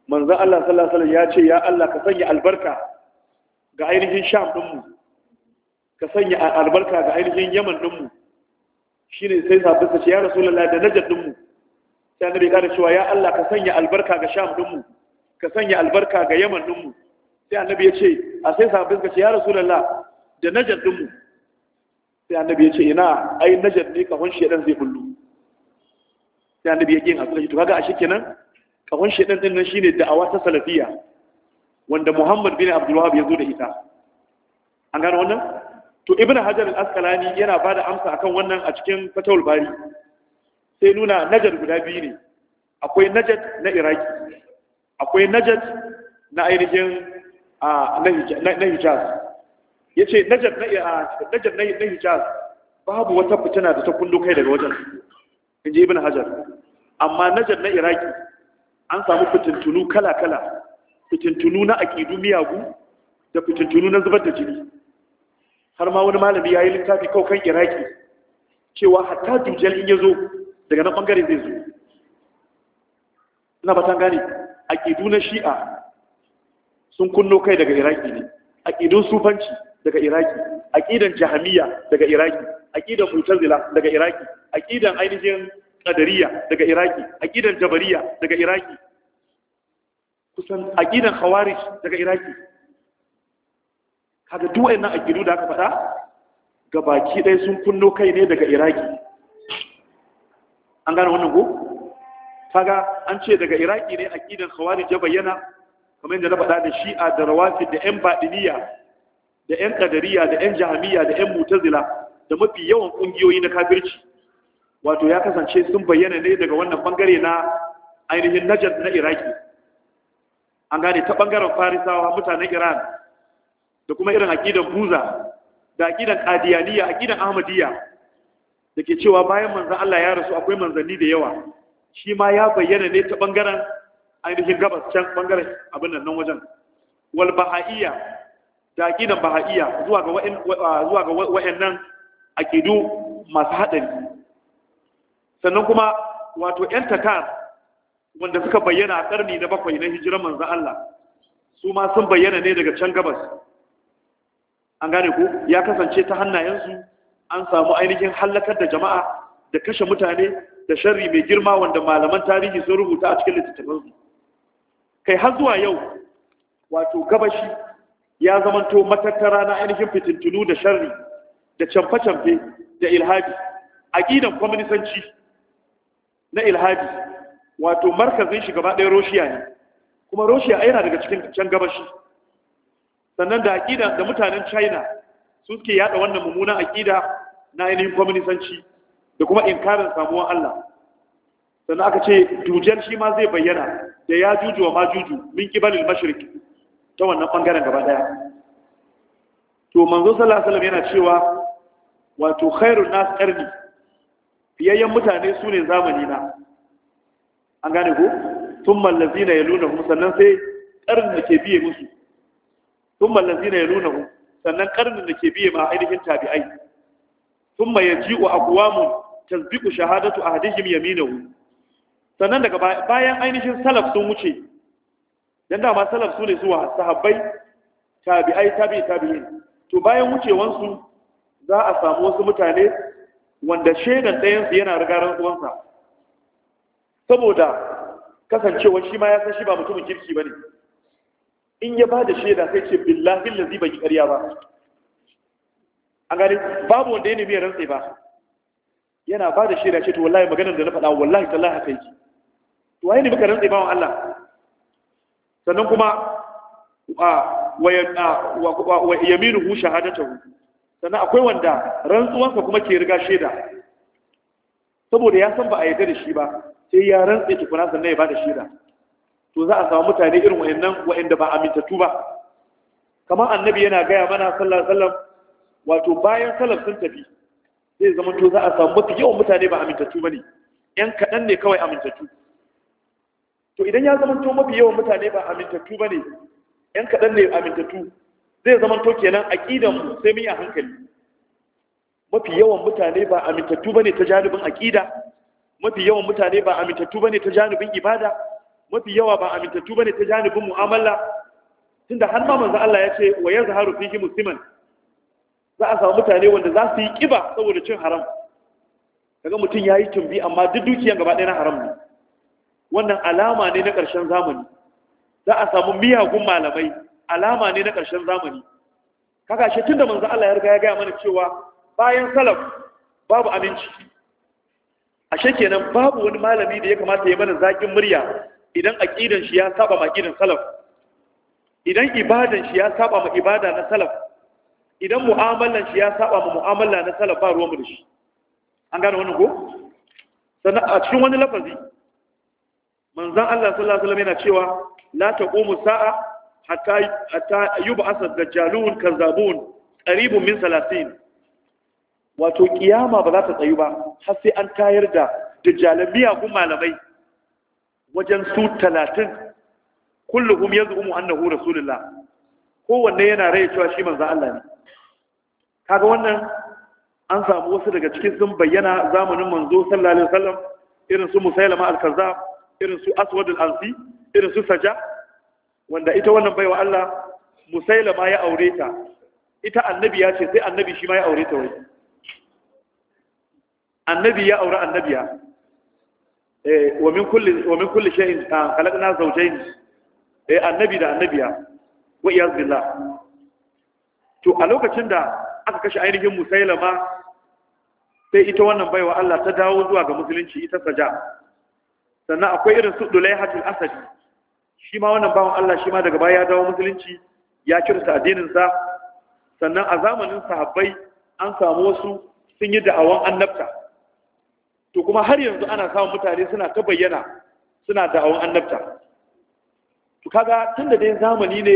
manzan Allah sallallahu alaihi ya ce ya Allah ka sanya albarka ga ainihin sham ɗinmu ka sanya albarka ga ainihin yaman ɗinmu shi ne sai sabbin sa ce ya rasulallah da najat ɗinmu sai annabi ya cewa ya Allah ka sanya albarka ga sham ɗinmu ka sanya albarka ga yaman ɗinmu sai annabi ya ce a sai sabbin sa ce ya rasulallah da najat ɗinmu sai annabi ya ce ina ai najad ne kahon shedan zai bullo sai annabi ya kin shi to kaga ashe kenan kahon shedan din nan shine da'awa ta salafiya wanda Muhammad bin Abdul ya zo da ita an gano wannan to Ibn Hajar al-Asqalani yana bada amsa akan wannan a cikin fatawul Bari sai nuna najar guda biyu ne akwai najad na Iraki akwai najad na ainihin na Hijaz ya ce najar na hijaz babu wata fitina da ta kundu kai daga wajen in ji ibn hajar amma najar na iraki an samu fitintunu kala-kala fitintunu na akidu miyagu da fitintunu na zubar da jini har ma wani malami ya yi littafi kau kan iraki cewa hatta dujjal in ya zo daga na bangare zai zo ina batan gane akidu na shi'a sun kunno kai daga iraki ne akidun sufanci daga iraki aqidan jahamiya daga iraki aqidan mutazila daga iraki aqidan ainihin qadariya daga iraki aqidan jabariya daga iraki kusan aqidan khawarij daga iraki kaga duk wayannan aqidu da aka faɗa gabaki ɗaya sun kunno kai ne daga iraki an gane wannan ko kaga an ce daga iraki ne aqidan khawarij ya bayyana kamar yadda na faɗa da shi'a da Rawafi da yan baɗiniya da 'yan kadariya da 'yan jahamiya da 'yan mutazila da mafi yawan kungiyoyi na kafirci wato ya kasance sun bayyana ne daga wannan bangare na ainihin najar na iraki an gane ta bangaren farisawa mutanen iran da kuma irin aƙidan buza da aƙidan ƙadiyaniya aƙidan ahmadiyya da ke cewa bayan manzan allah ya rasu akwai manzanni da yawa shi ma ya bayyana ne ta bangaren ainihin gabas can bangaren abin nan wajen wal da Baha'iya zuwa ga zuwa ga wa'annan masu hadari sannan kuma wato yan takar wanda suka bayyana a karni na bakwai na hijira manzo Allah su ma sun bayyana ne daga can gabas an gane ku. ya kasance ta hannayensu an samu ainihin hallakar da jama'a da kashe mutane da sharri mai girma wanda malaman tarihi sun rubuta a cikin littattafansu kai har zuwa yau wato gabashi ya zamanto matattara na ainihin fitintunu da sharri da camfe-camfe da ilhadi aqidan kwaminisanci na ilhadi wato markazin shi gaba ɗaya roshiya ne kuma roshiya yana daga cikin can gabashi sannan da aƙida da mutanen china su suke yada wannan mummunan aƙida na ainihin kwaminisanci da kuma inkarin samuwar allah sannan aka ce dujar shi ma zai bayyana da ya juju wa ma juju min kibalil mashirki ta wannan bangaren gaba daya to manzo sallallahu alaihi wasallam yana cewa wato khairun nas qarni fiyayyen mutane su ne zamani na an gane ko thumma allazina yalunahum sannan sai qarnin da ke biye musu thumma allazina yalunahum sannan ƙarnin da ke biye ma ainihin tabi'ai thumma yaji'u mu tasbiqu shahadatu ahadihim yaminahu sannan daga bayan ainihin salaf sun wuce dan da ma salaf su ne su sahabbai tabi'ai tabi tabi'in to bayan wucewansu za a samu wasu mutane wanda shedan ɗayansu yana rigaran uwansa saboda kasancewa shi ma ya san shi ba mutumin kirki bane in ya ba da shaida sai ce billahi lazi bai ƙarya ba an gani babu wanda ya nemi rantsi ba yana ba da shaida ce to wallahi maganar da na faɗa wallahi tallahi haka yake to waye ne muka rantsi ba wa Allah sannan kuma wa yaminuhu shahadatahu sannan akwai wanda rantsuwansa kuma ke riga shaida saboda ya san ba a yadda da shi ba sai ya rantsa tukuna sannan ya da shaida to za a samu mutane irin wayannan wayanda ba amintattu ba kamar annabi yana gaya mana sallallahu alaihi wasallam wato bayan salaf sun tafi zai zama to za a samu mafi yawan mutane ba amintattu bane yan kaɗan ne kawai amintattu to idan ya zama to mafi yawan mutane ba amintattu ba ne yan kaɗan ne amintattu zai zama to kenan mu sai mun yi a hankali mafi yawan mutane ba amintattu ba ne ta janibin aƙida mafi yawan mutane ba amintattu ba ne ta janibin ibada mafi yawa ba amintattu ba ne ta janibin mu'amala tunda har ma manzo Allah ya ce wa yazharu fihi musliman za a samu mutane wanda za su yi kiba saboda cin haram kaga mutum yayi tumbi amma duk dukiyan gaba ɗaya na haram ne wannan alama ne na ƙarshen zamani za a samu miyagun malamai alama ne na ƙarshen zamani kaga shi da manzo Allah ya riga ya gaya mana cewa bayan salaf babu aminci ashe kenan babu wani malami da ya kamata ya mana zakin murya idan aqidan shi ya saba ma aqidan salaf idan ibadan shi ya saba ma ibada na salaf idan mu'amalan shi ya saba ma mu'amala na salaf ba ruwan mu da shi an gane wannan ko sannan a cikin wani lafazi Manzan Allah sallallahu alaihi wasallam yana cewa la taqumu sa'a hatta hatta da dajjalun kazzabun qaribun min 30 wato ƙiyama ba za ta tsayu ba har sai an tayar da dajjalan miyagun malamai wajen su talatin, 30 kulluhum yaz'umu annahu rasulullah kowanne yana rai cewa shi manzon Allah ne kaga wannan an samu wasu daga cikin sun bayyana zamanin manzo sallallahu alaihi wasallam irin su musailama al-kazzab irin su aswadul ansi irin su saja wanda ita wannan baiwa Allah musailama ya aure ta ita annabi ya ce sai annabi shi ma ya aure ta wai annabi ya aure annabiya eh wa min kulli wa min kulli shay'in ah, khalaqna zawjayn eh annabi da annabiya wa iyaz billah to a lokacin da aka kashe ainihin musailama sai ita wannan baiwa Allah ta dawo zuwa ga musulunci ita saja sannan akwai irin su hajjul asadi shi ma wannan bawon Allah shi ma daga baya ya dawo musulunci ya kirta addinin sa sannan a zamanin sahabbai an samu wasu sun yi da'awan annabta to kuma har yanzu ana samun mutane suna ta bayyana suna da'awan annabta to kaga tunda dai zamani ne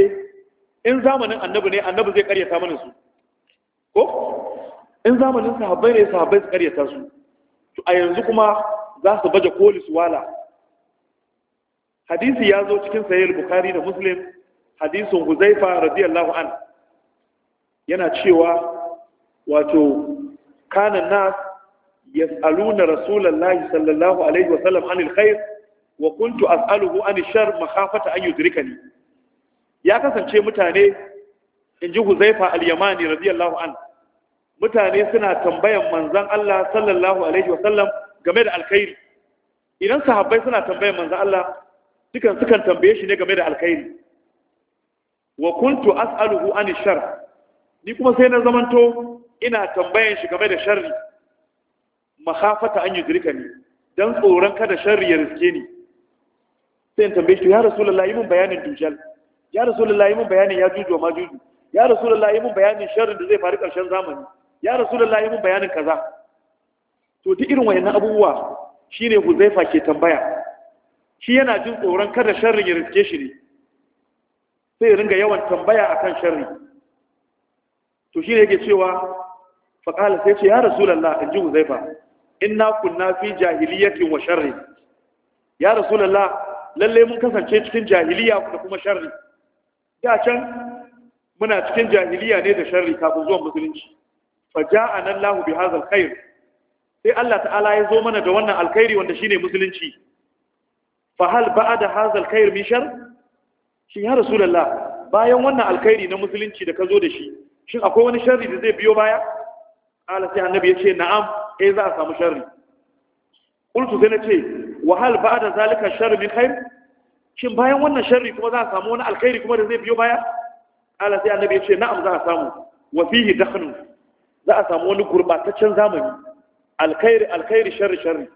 in zamanin annabi ne annabi zai karyata mana su ko in zamanin sahabbai ne sahabbai su karyata su to a yanzu kuma za su baje koli su wala hadisi ya zo cikin sahih bukhari da muslim hadisin huzaifa radiyallahu an yana cewa wato kana nas yas'aluna Rasulallah sallallahu alaihi wa sallam anil khair wa kuntu as'aluhu anil shar Makafata, an yudrikani ya kasance mutane inji huzaifa al-yamani radiyallahu an mutane suna tambayan manzan Allah sallallahu alaihi wa sallam game da alkhairi idan sahabbai suna tambayan manzan Allah sukan sukan tambaye shi ne game da alkhairi wa kuntu as'aluhu an shar ni kuma sai na zamanto ina tambayan shi game da sharri mahafata an yudrika ni dan tsoron kada sharri ya riske ni sai tambaye shi ya rasulullahi mun bayanin dujal ya rasulullahi mun bayanin yajuju wa majuju ya rasulullahi mun bayanin sharrin da zai faru karshen zamani ya rasulullahi mun bayanin kaza to duk irin wayannan abubuwa shine huzaifa ke tambaya shi yana jin tsoron kada sharri ya riske shi ne sai ringa yawan tambaya akan sharri to shi ne yake cewa faƙala sai ce ya rasulallah in ji huzaifa inna kunna fi jahiliyyati wa sharri ya rasulallah lalle mun kasance cikin jahiliya da kuma sharri da can muna cikin jahiliya ne da sharri kafin zuwa musulunci fa nan, Allahu bi hadzal khair sai Allah ta'ala ya zo mana da wannan alkhairi wanda shine musulunci fa hal ba'da hadha alkhair min shar shi ya rasulullah bayan wannan alkhairi na musulunci da ka zo da shi shin akwai wani sharri da zai biyo baya ala sai annabi ya ce na'am eh za a samu sharri qultu sai na ce wa hal ba'da zalika sharri min khair shin bayan wannan sharri kuma za a samu wani alkhairi kuma da zai biyo baya ala sai annabi ya ce na'am za a samu Wafihi fihi dakhnu za a samu wani gurbataccen zamani Alkairi alkairi sharri sharri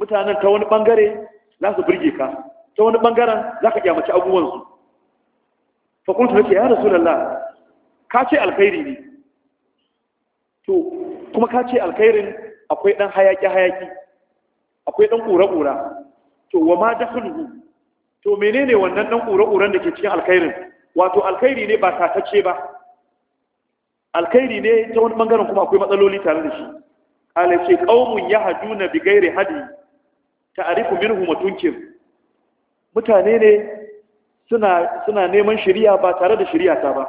mutanen ta wani bangare za su burge ka ta wani bangaren za ka kyamaci abubuwansu fakultu na ce ya rasulallah ka ce alkhairi ne to kuma ka ce alkhairin akwai ɗan hayaki-hayaki akwai ɗan ƙura-ƙura to wa ma da sulhu to menene wannan ɗan ƙura-ƙuran da ke cikin alkhairin wato alkhairi ne ba tatacce ba alkhairi ne ta wani bangaren kuma akwai matsaloli tare da shi alace ya yahduna bi ghairi hadi ta'arifu minhu mutunkir mutane ne suna suna neman shari'a ba tare da shari'a ta ba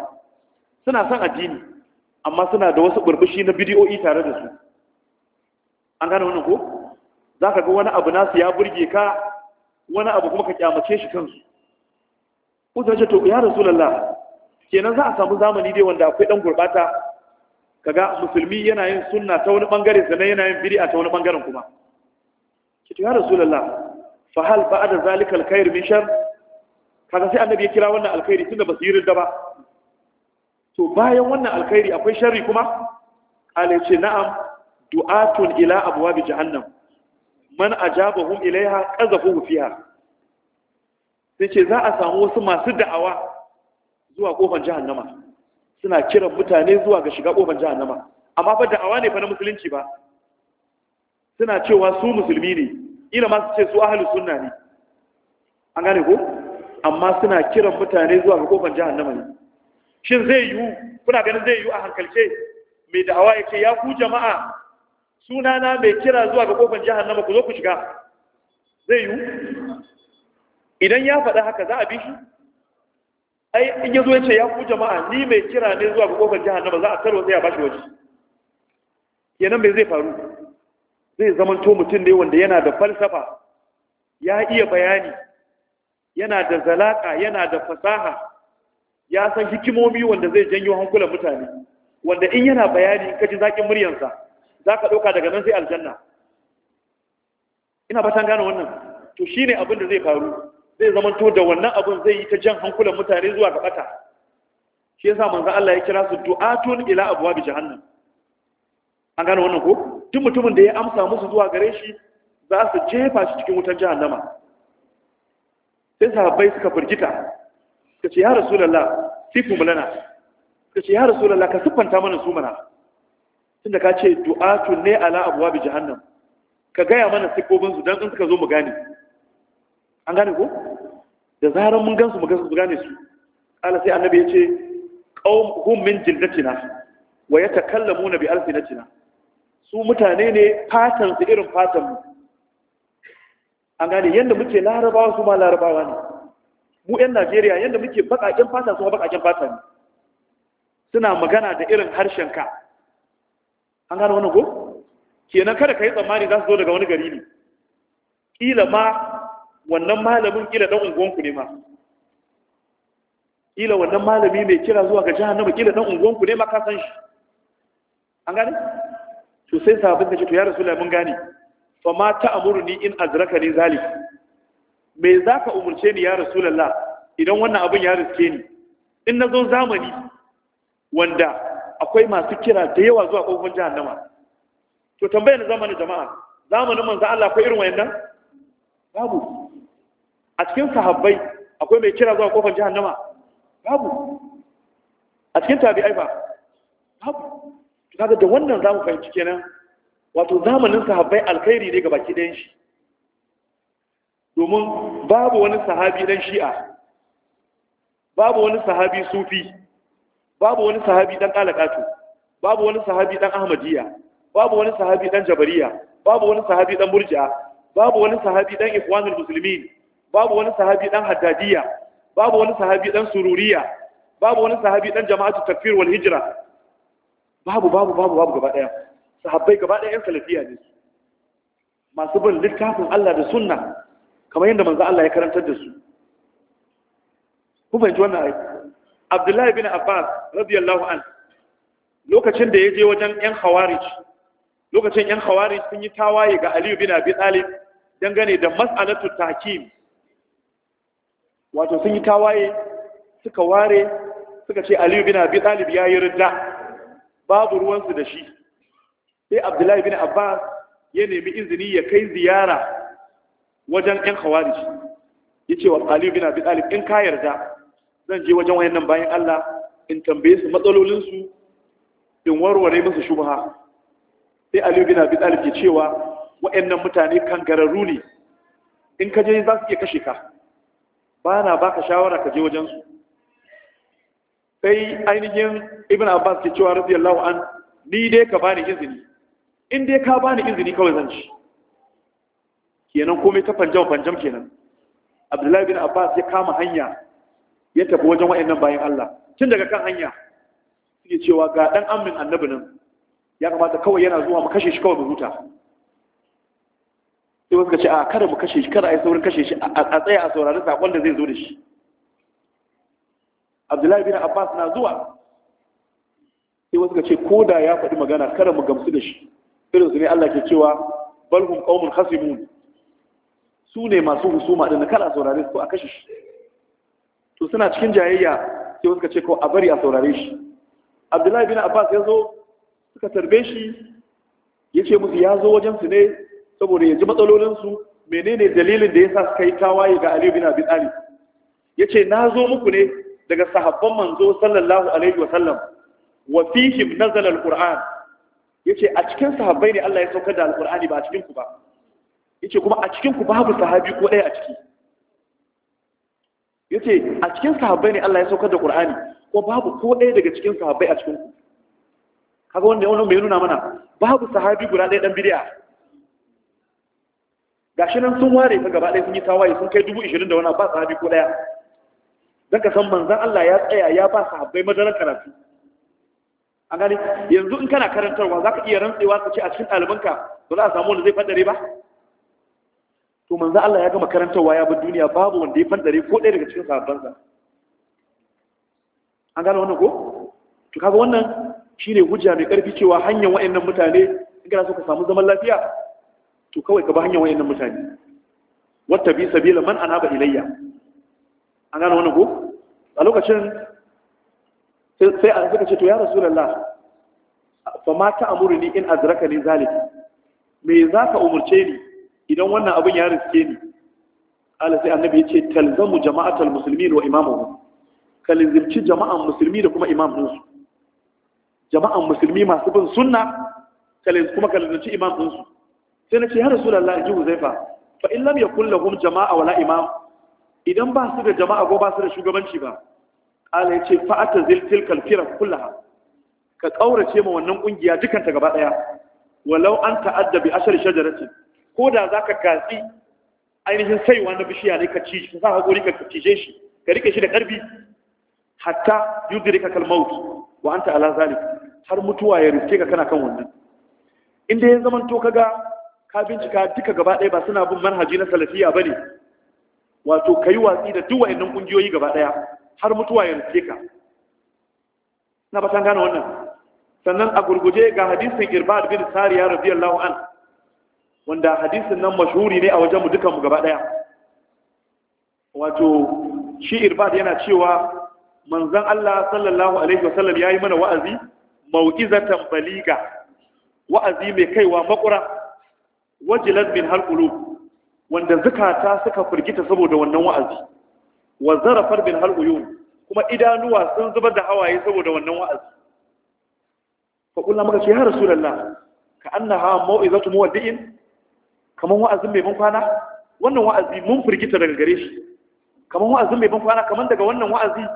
suna son addini amma suna da wasu burbushi na bidiyoyi tare da su an gane wannan ko zaka ga wani abu nasu ya burge ka wani abu kuma ka kyamace shi kansu Musa ce to ya Rasulullah kenan za a samu zamani dai wanda akwai dan gurbata kaga musulmi yana yin sunna ta wani bangare sannan yana yin bid'a ta wani bangaren kuma ce ya fahal fa hal da zalika alkhair min shar kaga sai annabi ya kira wannan alkhairi tunda ba su yi ridda ba to bayan wannan alkhairi akwai sharri kuma ala ce na'am du'atun ila abwabi jahannam man ajabahum ilaiha qazafuhu fiha sai ce za a samu wasu masu da'awa zuwa kofar jahannama suna kiran mutane zuwa ga shiga kofar jahannama amma fa da'awa ne fa na musulunci ba suna cewa su musulmi ne ina ma su ce su ahalus sunna ne an gane ko amma suna kiran mutane zuwa ga kofar jahannama ne shin zai yiwu kuna ganin zai yiwu a hankalce mai da'awa ya ce ya ku jama'a Suna na mai kira zuwa ga kofar jahannama ku zo ku shiga zai yiwu idan ya faɗa haka za a bi shi ai in ya zo ya ce ya ku jama'a ni mai kira ne zuwa ga kofar jahannama za a tarwa sai a bashi waje kenan me zai faru zai zamanto mutum ne wanda yana da falsafa ya iya bayani yana da zalaka yana da fasaha ya san hikimomi wanda zai janyo hankulan mutane wanda in yana bayani kaji zaƙin muryansa za ka ɗauka daga nan sai aljanna ina batan gane wannan to shi ne abin da zai faru zai zamanto da wannan abin zai yi ta jan hankulan mutane zuwa ga ɓata shi yasa manzo Allah ya kira su du'atun ila abwabi jahannam an gane wannan ko duk mutumin da ya amsa musu zuwa gare shi za su jefa shi cikin wutar jahannama sai sahabbai suka firgita ka ce ya rasulallah sifu mulana ka ce ya rasulallah ka siffanta mana su mana tunda ka ce tun ne ala abuwa bi jahannam ka gaya mana siffofin su don in suka zo mu gane an gane ko da zarar mun gansu mu gansu mu gane su ala sai annabi ya ce qaum hum min jildatina wa yatakallamuna bi alsinatina su mutane ne fatan su irin fatan mu an gane yadda muke larabawa su ma larabawa ne mu 'yan najeriya yadda muke bakakin fata su ma bakakin fata ne suna magana da irin harshen ka an gane wani go kenan kada ka yi tsammani za su zo daga wani gari ne ƙila ma wannan malamin ƙila ɗan unguwanku ne ma ƙila wannan malami mai kira zuwa ga jihar nama ƙila ɗan unguwanku ne ma ka san shi an gane to sai sahabin da ce to ya rasulullahi mun gane fa ma ni in ni zalik me zaka umurce ni ya rasulullah idan wannan abin ya riske ni in nazo zamani wanda akwai masu kira da yawa zuwa kofin jahannama to tambayar na zamanin jama'a zamanin manzo Allah akwai irin wayannan babu a cikin sahabbai akwai mai kira zuwa kofar jahannama babu a cikin tabi'ai ba babu kaga da wannan za mu fahimci kenan wato zamanin sahabbai alkhairi ne ga baki ɗayan shi domin babu wani sahabi dan shi'a babu wani sahabi sufi babu wani sahabi dan kalakatu babu wani sahabi dan ahmadiyya babu wani sahabi dan jabariya babu wani sahabi dan murji'a babu wani sahabi dan ikhwanul muslimin babu wani sahabi dan haddadiya babu wani sahabi dan sururiya babu wani sahabi dan jama'atu takfir wal hijra babu babu babu babu gaba daya sahabbai gaba daya yan salafiya ne masu bin littafin Allah da sunna kamar yadda manzo Allah ya karantar da su ku fahimci wannan ai Abdullahi bin Abbas radiyallahu an lokacin da ya je wajen yan khawarij lokacin yan khawarij sun yi tawaye ga Aliyu bin Abi Talib dangane da mas'alatu tahkim wato sun yi tawaye suka ware suka ce Aliyu bin Abi Talib yayi ridda babu ruwansu da shi sai abdullahi bin abbas ya nemi izini ya kai ziyara wajen hawari shi ya ce wa ali bin bi in ka yarda zan je wajen nan bayan Allah in tambaye su matsalolinsu in warware musu shubha sai ali bin abi ke cewa wa'annan mutane kan kangararru ne in ka je za su iya kashe ka ba na baka shawara ka je wajensu sai ainihin ibn abbas ke cewa radiyallahu an ni dai ka bani izini in dai ka bani izini kawai zan ci kenan komai ta fanjam fanjam kenan abdullahi bin abbas ya kama hanya ya tafi wajen wayannan bayan Allah tun daga kan hanya suke cewa ga dan amin annabi nan ya kamata kawai yana zuwa mu kashe shi kawai mu huta sai wasu ka ce a kada mu kashe shi kada a yi saurin kashe shi a tsaya a saurari sakon da zai zo da shi abdullahi bin abbas na zuwa sai wasu ka ce ko da ya faɗi magana kada mu gamsu da shi irin su ne Allah ke cewa balhum qaumun khasimun su ne masu husuma din kada saurare su a kashe shi to suna cikin jayayya sai wasu ka ce ko a bari a saurare shi abdullahi bin abbas ya zo suka tarbe shi ya ce musu ya zo wajen su ne saboda ya ji matsalolin matsalolinsu menene dalilin da ya sa suka yi tawaye ga aliyu bin abi talib ya na zo muku ne daga sahabban manzo sallallahu alaihi wa sallam wa fihim nazala alquran yace a cikin sahabbai ne Allah ya saukar da alqurani ba a cikin ku ba yace kuma a cikin ku babu sahabi ko ɗaya a ciki yace a cikin sahabbai ne Allah ya saukar da alqurani ko babu ko ɗaya daga cikin sahabbai a cikin ku kaga wanda wannan mai nuna mana babu sahabi guda ɗaya dan bid'a gashi nan sun ware ta gaba ɗaya sun yi tawaye sun kai dubu ishirin da wani ba sahabi ko ɗaya zaka ka san manzan Allah ya tsaya ya ba sahabbai madarar karatu an gani yanzu in kana karantarwa za ka iya rantsewa ka ce a cikin ɗalibanka ba za a samu wanda zai fadare ba to manzan Allah ya gama karantarwa ya bi duniya babu wanda ya fadare ko ɗaya daga cikin sahabbansa an gane wannan ko to kaga wannan shine hujja mai karfi cewa hanyar wayannan mutane in kana so ka samu zaman lafiya to kawai ka bi hanyar wayannan mutane wata bi sabila man anaba ilayya an gano wani ko a lokacin sai an suka ce to ya rasu lalla fa ma ta ni in azraka ni zaliki me za ka umarce ni idan wannan abin ya riske ni ala sai annabi ya ce talzamu jama'atul muslimin wa Ka kalizimci jama'an musulmi da kuma imam ɗinsu jama'an musulmi masu bin sunna kuma kalizimci imam ɗinsu sai na ce ya rasu da Allah ji huzaifa fa in lam yakun lahum jama'a wala imam idan ba su da jama'a ko ba su da shugabanci ba ala ya ce fa'ata ziltil kalfirar kullaha ka ƙaurace ma wannan ƙungiya ta gaba ɗaya walau an ta'adda bi ashar shajarati ko da za ka ainihin saiwa na bishiya ne ka ci ka sa haƙori ka cije shi ka rike shi da ƙarfi hatta yudrika kal maut wa anta ala zalik har mutuwa ya riske ka kana kan wannan inda ya to kaga ka bincika duka gaba ɗaya ba suna bin manhaji na salafiya ne. wato ka watsi da duk wa'annan ƙungiyoyi gaba ɗaya har mutuwa ya rufe ka na ba san gane wannan sannan a gurguje ga hadisin irbad bin sariya radiyallahu an wanda hadisin nan mashhuri ne a wajen mu mu gaba ɗaya wato shi irbad yana cewa manzon Allah sallallahu alaihi wasallam yayi mana wa'azi mau'izatan baliga wa'azi mai kaiwa makura wajilat min halqulub wanda zukata suka firgita saboda wannan wa'azi wa zarafar bil haluyun kuma idanuwa sun zubar da hawaye saboda wannan wa'azi fa kullum muka ce ya rasulullah ka annaha mau'izatu muwaddi'in kaman wa'azin mai ban kwana wannan wa'azi mun firgita daga gare shi kaman wa'azin mai ban kwana kaman daga wannan wa'azi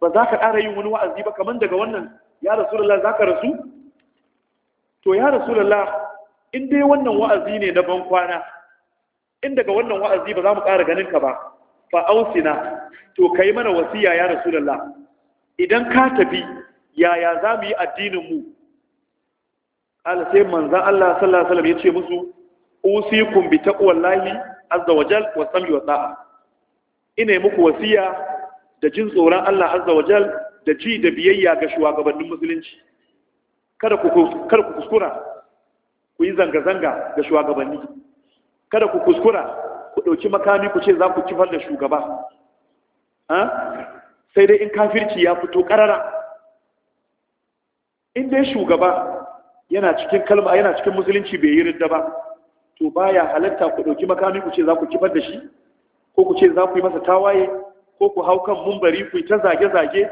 ba za ka ƙara yin wani wa'azi ba kaman daga wannan ya rasulullah za ka rasu to ya rasulullah in dai wannan wa'azi ne na ban kwana in daga wannan wa'azi ba za mu ƙara ganin ka ba fa ausina to kai mana wasiya ya rasulullah idan ka tafi yaya za mu yi addinin mu Allah sai manzon Allah sallallahu alaihi wasallam ya ce musu usikum bi ta azza wajal wa sam'i wasa'a. muku wasiya da jin tsoron Allah azza wajal da ji da biyayya ga shugabannin musulunci kada ku kuskura ku yi zanga-zanga ga shugabanni kada ku kuskura ku ɗauki makami ku ce za ku kifar da shugaba sai dai in kafirci ya fito ƙarara in dai shugaba yana cikin kalma yana cikin musulunci bai yi ridda ba to baya halatta ku ɗauki makami ku ce za ku kifar da shi ko ku ce za ku yi masa tawaye ko ku hau kan mumbari ku yi ta zage-zage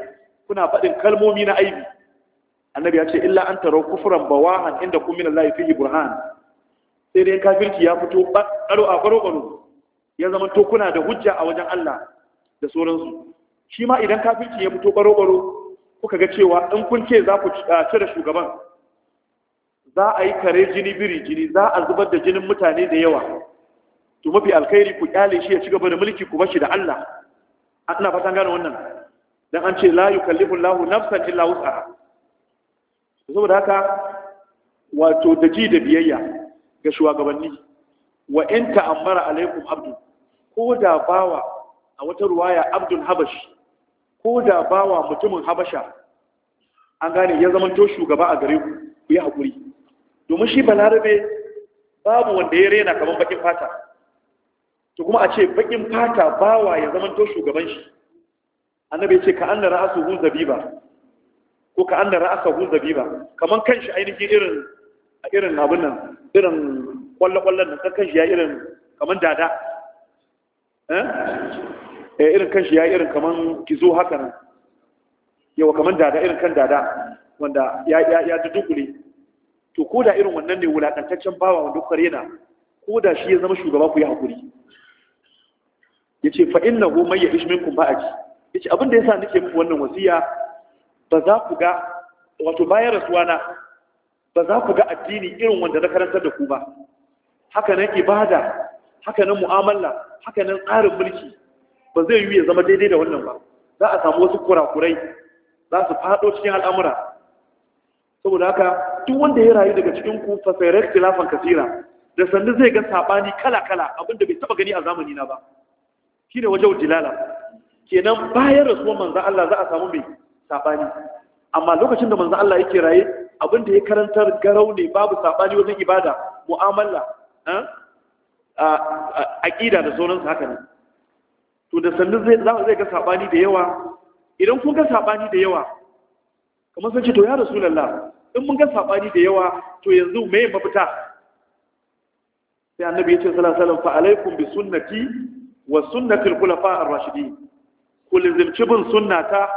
kuna faɗin kalmomi na aibi annabi ya ce illa an taro kufuran bawahan inda kun min Allah fihi burhan sai dai kafirci ya fito ɓaro a ɓaro ya zama to da hujja a wajen Allah da sauransu shi ma idan kafirci ya fito ɓaro-ɓaro kuka ga cewa in kun ce za ku cire shugaban za a yi kare jini biri jini za a zubar da jinin mutane da yawa to mafi alkhairi ku kyale shi ya ci gaba da mulki ku bashi da Allah ana fatan gane wannan dan an ce la yukallifu Allahu nafsan illa wus'aha saboda haka wato da da biyayya ga shugabanni wa in ta'ammara alaikum abdu ko da bawa a wata ruwaya abdul habashi ko da bawa mutumin habasha an gane ya zama to shugaba a gare ku ku yi hakuri. domin shi balarabe babu wanda ya rena kamar bakin fata to kuma a ce bakin fata bawa ya zama to shugaban shi annabi ce ka anna ra'asuhu zabiba ko ka anna ra'asuhu zabiba kaman kanshi ainihin irin irin abin nan irin kwallon kwallon nan kan shi ya irin kamar dada eh? eh irin kan shi ya irin kamar kizo haka nan yawa kamar dada irin kan dada wanda ya ya ya dudukule to ko da irin wannan ne wulakantaccen bawa wanda kware rena ko da shi ya zama shugaba ku yi hakuri yace fa innahu may ya'ish minkum ba'ati yace abin da yasa nake muku wannan wasiya ba za ku ga wato bayan rasuwa na ba za ku ga addini irin wanda na karantar da ku ba haka nan ibada haka nan mu'amala haka nan tsarin mulki ba zai yi ya zama daidai da wannan ba za a samu wasu kurakurai za su fado cikin al'amura saboda haka duk wanda ya rayu daga cikin ku fa tilafan kasira da sannu zai ga sabani kala kala abinda bai taba gani a zamani na ba shine wajen dilala kenan bayan rasuwar manzo Allah za a samu mai sabani amma lokacin da manzo Allah yake raye abin da ya karantar garau ne babu sabani wajen ibada mu'amala eh, aqida da sauransu haka ne to da sannan zai za zai ga sabani da yawa idan kun ga sabani da yawa kamar sun ce to ya rasulullah in mun ga sabani da yawa to yanzu me mafita sai annabi ya ce sallallahu alaihi wasallam fa alaikum bi sunnati wa sunnati al-khulafa ar-rashidin kullu zilchibun sunnata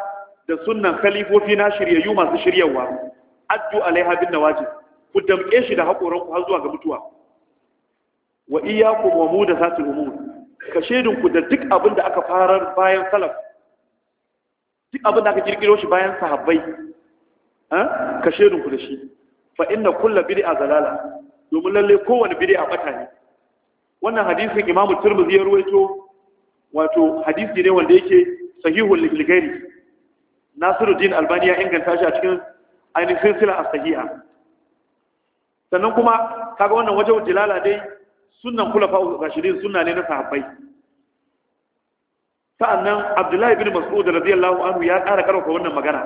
da sunnan khalifofi na shiryayyu masu shiryawa addu alaiha bin nawajib ku damke shi da hakoran ku har zuwa ga mutuwa wa iyyakum wa mudathatil umur ka shedin ku da duk abin da aka farar bayan salaf duk abin da aka kirkiro shi bayan sahabbai ka shedin ku da shi fa inna kullu bid'a zalala domin lalle kowanne bid'a bata ne wannan hadisin imamu tirmidhi ya ruwaito wato hadisi ne wanda yake sahihul ligairi nasiruddin albani ya inganta shi a cikin ainihin silsila a sahiha sannan kuma kaga wannan wajen jilala dai sunan kulafa shirin suna ne na sahabbai sa'annan abdullahi bin mas'ud radiyallahu anhu ya ƙara ƙarfafa wannan magana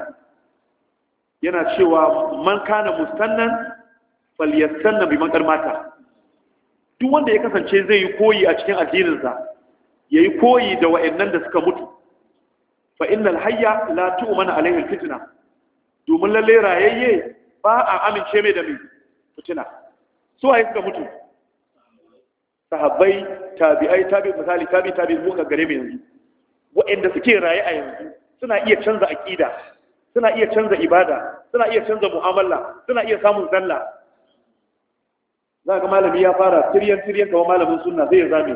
yana cewa man kana mustannan falyastanna bi man mata duk wanda ya kasance zai yi koyi a cikin addininsa ya yi koyi da wa'annan da suka mutu fa innal hayya la tu'manu alayhi alfitna domin lalle rayayye ba a amince mai da mai fitina su waye suka mutu sahabbai tabi'ai tabi misali tabi tabi muka gare mu yanzu wa'anda suke raye a yanzu suna iya canza aqida suna iya canza ibada suna iya canza mu'amala suna iya samun zalla za ga malami ya fara tiryan tiryan kawai malamin sunna zai zame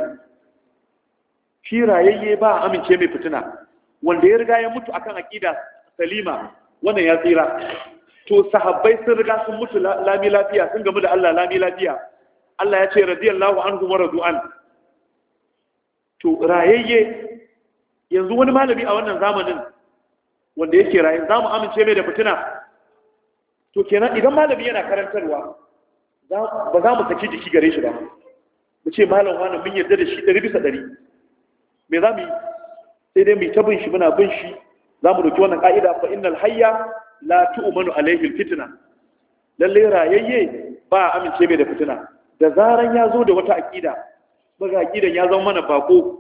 shi rayayye ba a amince mai fitina wanda ya riga ya mutu akan aqida salima wannan ya tsira to sahabbai sun riga sun mutu lami lafiya sun gamu da Allah lami lafiya Allah ya ce radiyallahu anhu wa radu'an to rayayye yanzu wani malami a wannan zamanin wanda yake raye za mu amince mai da fitina to kenan idan malami yana karantarwa ba za mu saki jiki gare shi ba mu ce malam wani mun yarda da shi ɗari bisa ɗari me za mu yi sai dai mai ta bin shi muna bin shi za mu doki wannan ƙa'ida fa innal hayya la tu'manu alaihi alfitna lalle rayayye ba a amince mai da fitina da zaran ya zo da wata aƙida maga aƙidan ya zama mana bako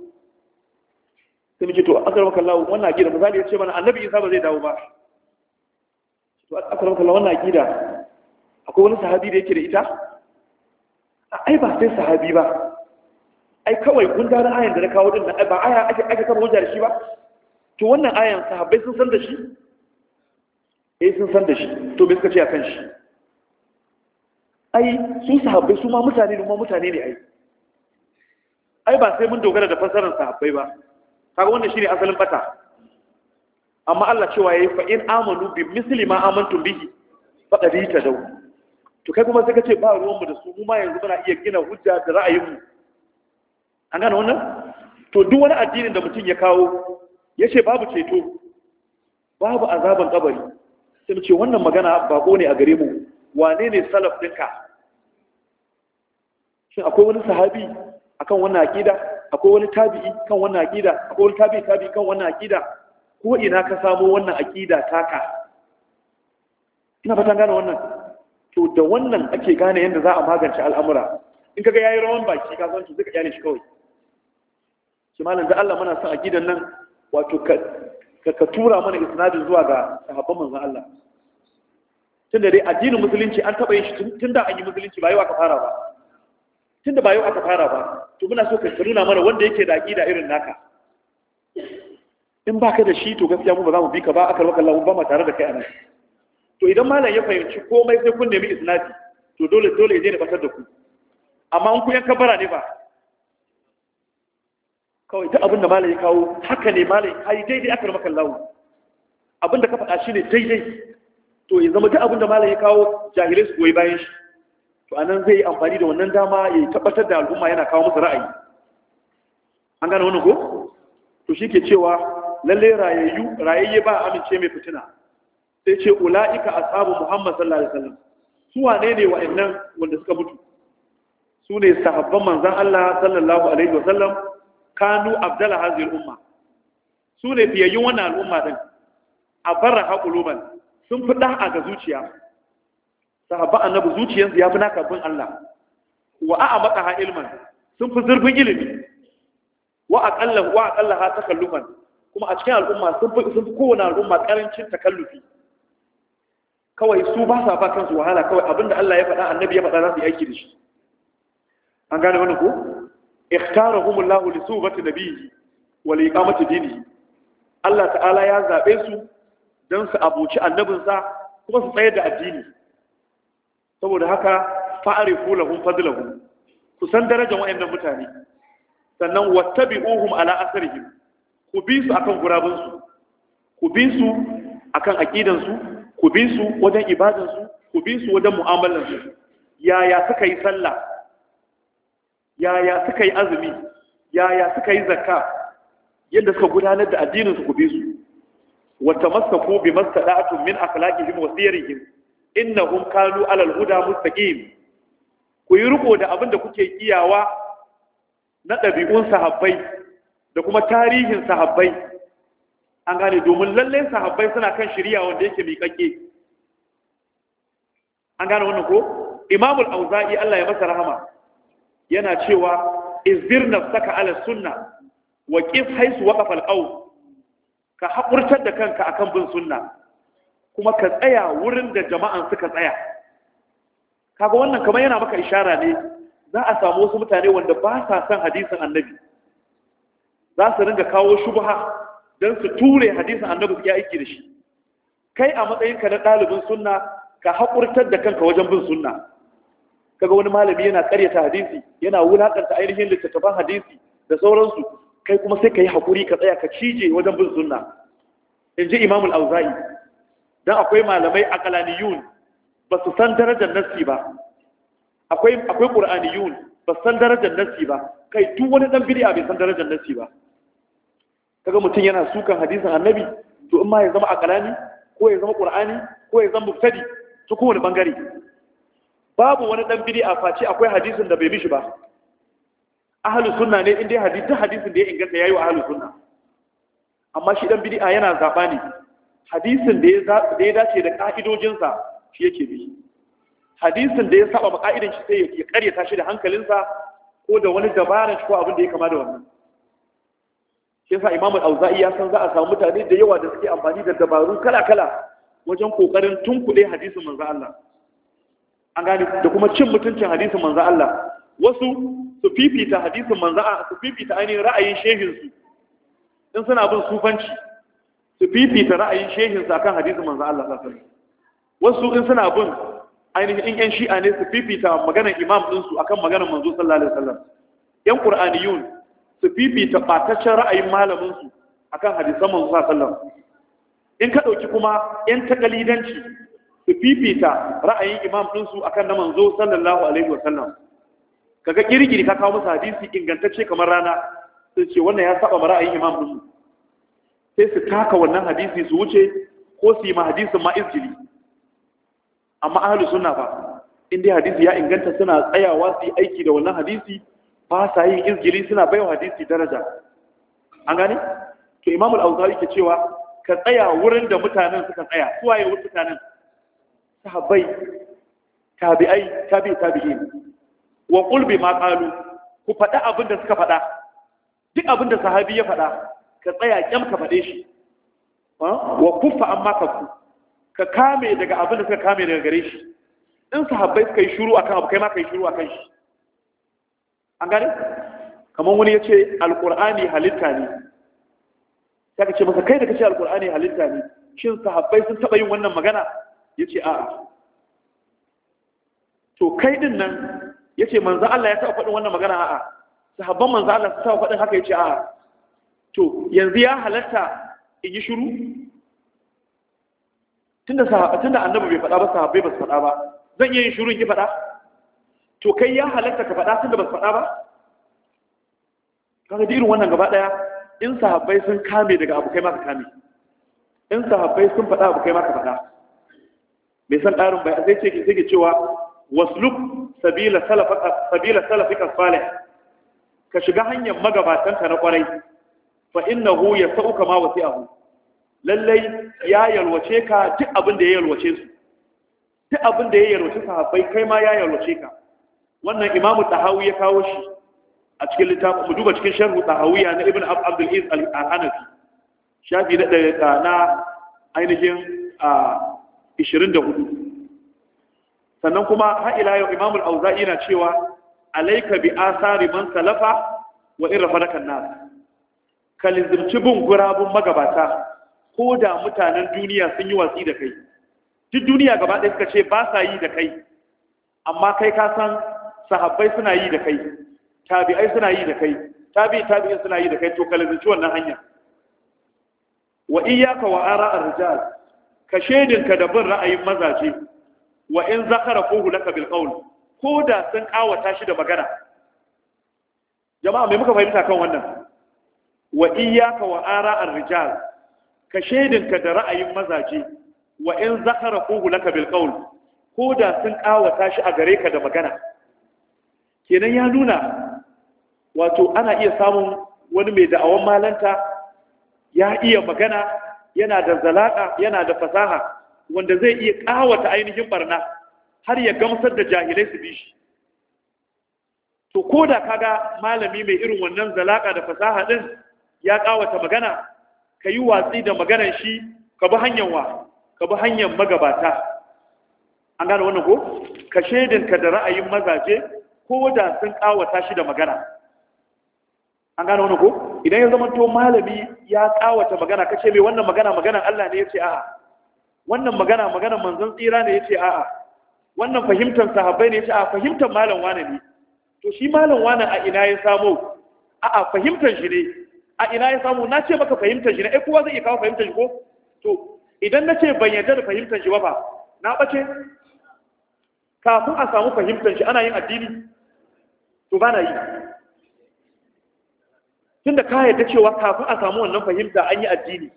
sai muke to akar maka Allah wannan aƙida misali ya ce mana annabi Isa ba zai dawo ba to akar maka Allah wannan aƙida akwai wani sahabi da yake da ita ai ba sai sahabi ba ai kawai gundarin ayan da na kawo din nan ba aya ake ake kawo da shi ba to wannan ayan sahabbai sun san da shi eh sun san da shi to me suka ce akan shi ai su sahabbai su ma mutane ne ma mutane ne ai ai ba sai mun dogara da fassarar sahabbai ba kaga wannan shine asalin bata amma Allah cewa yayi fa in amanu bi misli ma amantum bihi faqad yatadaw to kai kuma sai ka ce ba ruwanmu da su mu ma yanzu muna iya gina hujja da ra'ayinmu. an gane wannan to duk wani addinin da mutum ya kawo ya ce babu ceto babu azaban kabari sai ce wannan magana bako ne a gare mu wane ne salaf ɗinka shin akwai wani sahabi akan wannan aƙida akwai wani tabi'i kan wannan aƙida akwai wani tabi'i tabi'i kan wannan aƙida ko ina ka samo wannan aƙida taka ina fatan gane wannan to da wannan ake gane yadda za a magance al'amura in kaga yayi rawan baki ka san shi duka iyalin shi kawai shi malam da Allah muna son a gidan nan wato ka tura mana isnadin zuwa ga sahabban manzon Allah tunda dai addinin musulunci an taba yin shi tun da an yi musulunci ba yau aka fara ba tunda ba yau aka fara ba to muna so ka nuna mana wanda yake da aqida irin naka in baka da shi to gaskiya mu ba za mu bi ka ba aka raka Allah ba ma tare da kai anan to idan malam ya fahimci komai sai kun nemi isnadi to dole dole ya je da fatar da ku amma in ku yan kabara ne ba kawai ta abin da malam ya kawo haka ne malam yi daidai aka maka lawo abin da ka faɗa shi ne daidai to ya zama ta abin da malam ya kawo jahilai su goyi bayan shi to anan zai yi amfani da wannan dama ya tabbatar da al'umma yana kawo musu ra'ayi an gane wani ko to shi ke cewa lalle rayayyu rayayye ba amince mai fitina sai ce ula'ika ashabu muhammad sallallahu alaihi wasallam su wane ne wa'annan wanda suka mutu su ne sahabban manzon Allah sallallahu alaihi wasallam kanu abdala hazil umma su ne fiyayyun wannan al'umma din a barra haƙuluban sun fi ɗa'a ga zuciya sahaba annabi zuciyarsu ya fi naka bin Allah wa a'a maka ilman sun fi zurfin ilimi wa aqalla wa aqalla ha takalluman kuma a cikin al'umma sun fi sun fi kowane al'umma karancin takallufi kawai su ba sa ba kansu wahala kawai abinda Allah ya faɗa annabi ya faɗa za su yi aiki da shi an gane wannan ko ikhtara humullahu li subati nabiyyi wa li iqamati dinihi Allah ta'ala ya zabe su dan su abuci annabinsa kuma su tsayar da addini saboda haka fa'arifu lahum fadlahu ku san darajar wayannan mutane sannan wattabi'uhum ala asrihim ku bi su akan gurabun su ku bi su akan aqidan su ku bi su wajen ibadan su ku bi su wajen mu'amalan su yaya suka yi sallah yaya suka yi azumi yaya suka yi zakka yadda suka gudanar da addinin su ku bi su wa tamassaku bi mastada'atun min akhlaqihim wa siyarihim innahum kanu alal huda mustaqim ku yi riko da abinda kuke kiyawa na ɗabi'un sahabbai da kuma tarihin sahabbai an gane domin lalle sahabbai suna kan shirya wanda yake miƙaƙe an gane wannan ko imamul auza'i Allah ya masa rahama yana cewa izirna saka ala sunna wa kif haisu al alqaw ka hakurtar da kanka akan bin sunna kuma ka tsaya wurin da jama'an suka tsaya kaga wannan kamar yana maka ishara ne za a samu wasu mutane wanda ba sa san hadisin annabi za su ringa kawo shubha don su ture hadisin annabi ya aiki da shi kai a matsayinka na ɗalibin sunna ka hakurtar da kanka wajen bin sunna kaga wani malami yana karyata hadisi yana wulakanta ainihin littattafan hadisi da sauransu kai kuma sai ka yi haƙuri ka tsaya ka cije wajen bin sunna in ji imamul auza'i don akwai malamai a kalaniyun ba su san darajar nassi ba akwai ƙur'aniyun ba su san darajar nassi ba kai duk wani ɗan bidiya bai san darajar nassi ba kaga mutum yana sukan hadisin annabi to in ma ya zama a kalani ko ya zama ƙur'ani ko ya zama muftadi ta kowane bangare. babu wani dan bid'a face akwai hadisin da bai mishi ba ahlus sunna ne in dai hadisi hadisin da ya inganta yayi wa ahlus sunna amma shi dan bid'a yana zaba ne hadisin da ya dace da sa shi yake bi hadisin da ya saba ma ka'idan shi sai ya ta shi da hankalinsa ko da wani dabaran shi ko abin da ya kama da wannan shi yasa imamu auza'i ya san za a samu mutane da yawa da suke amfani da dabaru kala-kala wajen kokarin tunkuɗe hadisin manzo Allah an gane da kuma cin mutuncin hadisin manza Allah wasu su fifita hadisin manzo su fifita ainihin ra'ayin shehin su in suna bin sufanci su fifita ra'ayin shehin su akan hadisin manza Allah sallallahu alaihi wasu in suna bin ainihin in yan shi'a ne su fifita maganar imam ɗinsu akan maganar manzo sallallahu alaihi wasallam yan qur'aniyun su fifita bataccen ra'ayin malaminsu akan hadisan manzo sallallahu alaihi wasallam in ka dauki kuma yan takalidanci su fifita ra'ayin imam ɗinsu a kan na manzo sallallahu alaihi wasallam kaga girgiri ka kawo musu hadisi ingantacce kamar rana su ce wannan ya saba ma ra'ayin imam ɗinsu sai su taka wannan hadisi su wuce ko su yi ma hadisin ma izjili amma ahalu sunna ba, in hadisi ya inganta suna tsayawa su aiki da wannan hadisi ba sa yin izjili suna baiwa hadisi daraja an gane to imamul auzari ke cewa ka tsaya wurin da mutanen suka tsaya suwaye mutanen sahabbai tabi'ai tabi tabi'in wa qul ma qalu ku fada abin da suka faɗa duk abin da sahabi ya faɗa ka tsaya kyam ka faɗe shi wa kuffa amma ka ku ka kame daga abin da suka kame daga gare shi in sahabbai suka yi shiru akan abu kai ma kai yi shiru akan shi an gane kamar wani ya ce alƙur'ani halitta ne sai ka ce masa kai da ka ce alƙur'ani halitta ne shin sahabbai sun taɓa yin wannan magana ya ce a'a to kai din nan ya ce manzan Allah ya taɓa faɗin wannan magana a'a sahabban manzan Allah su taɓa faɗin haka ya ce a'a to yanzu ya halatta in yi shuru? tunda da annabi bai faɗa ba sahabbai ba su faɗa ba zan iya yin shuru in ki faɗa to kai ya halatta ka faɗa tunda ba su faɗa ba kaga irin wannan gaba ɗaya in sahabbai sun kame daga abu kai ma ka kame in sahabbai sun faɗa abu kai ma ka faɗa mai san ƙarin bai sai ce sai cewa wasluk sabila salafika sabila salafi salih ka shiga hanyar magabatan magabatanka na kwarai fa innahu yasauka ma wasi'ahu lallai ya yalwace ka duk abin da ya yalwace su duk abin da ya yalwace sahabbai kai ma ya yalwace ka wannan imamu tahawi ya kawo shi a cikin littafin mu duba cikin sharhu tahawiya na ibn abdul iz al-hanafi shafi na na ainihin ah, 24 sannan kuma har ila yau imamul auza'i na cewa alaika bi asari man salafa wa in rafadakan nas ka lizimci bin gurabun magabata ko da mutanen duniya sun yi watsi da kai duk duniya gaba ɗaya suka ce ba sa yi da kai amma kai ka san sahabbai suna yi da kai tabi'ai suna yi da kai tabi tabi'in suna yi da kai to ka wannan hanya wa iyyaka wa ar rijal ka shaidinka da bin ra'ayin mazaje wa in zakara ko laka bil qaul ko da sun kawata shi da magana jama'a me muka fahimta kan wannan wa iyyaka wa ar rijal ka shaidinka da ra'ayin mazaje wa in zakara ko laka bil qaul ko da sun kawata shi a gare ka da magana kenan ya nuna wato ana iya samun wani mai da'awan malanta ya iya magana yana da zalaka yana da fasaha wanda zai iya ƙawata ainihin barna har ya gamsar da jahilai su bi shi to ko da kaga malami mai irin wannan zalaƙa da fasaha din ya ƙawata magana ka yi watsi da maganar shi ka bi hanyar wa ka bi hanyar magabata an gane wannan ko ka shaidinka da ra'ayin mazaje ko da sun ƙawata shi da magana an gano wani ko idan ya zama to malami ya tsawata magana kace mai wannan magana maganan Allah ne yace a'a wannan magana maganan manzon tsira ne yace a'a wannan fahimtar sahabbai ne yace a'a fahimtar malam wani ne to shi malam wani a ina ya samo a'a fahimtar shi ne a ina ya samu na ce maka fahimtar shi ne eh kowa zai iya kawo fahimtar shi ko to idan na ce ban yarda da fahimtar shi ba fa na bace kafin a samu fahimtar shi ana yin addini to ba na yi tunda ka ta cewa kafin a samu wannan fahimta an yi addini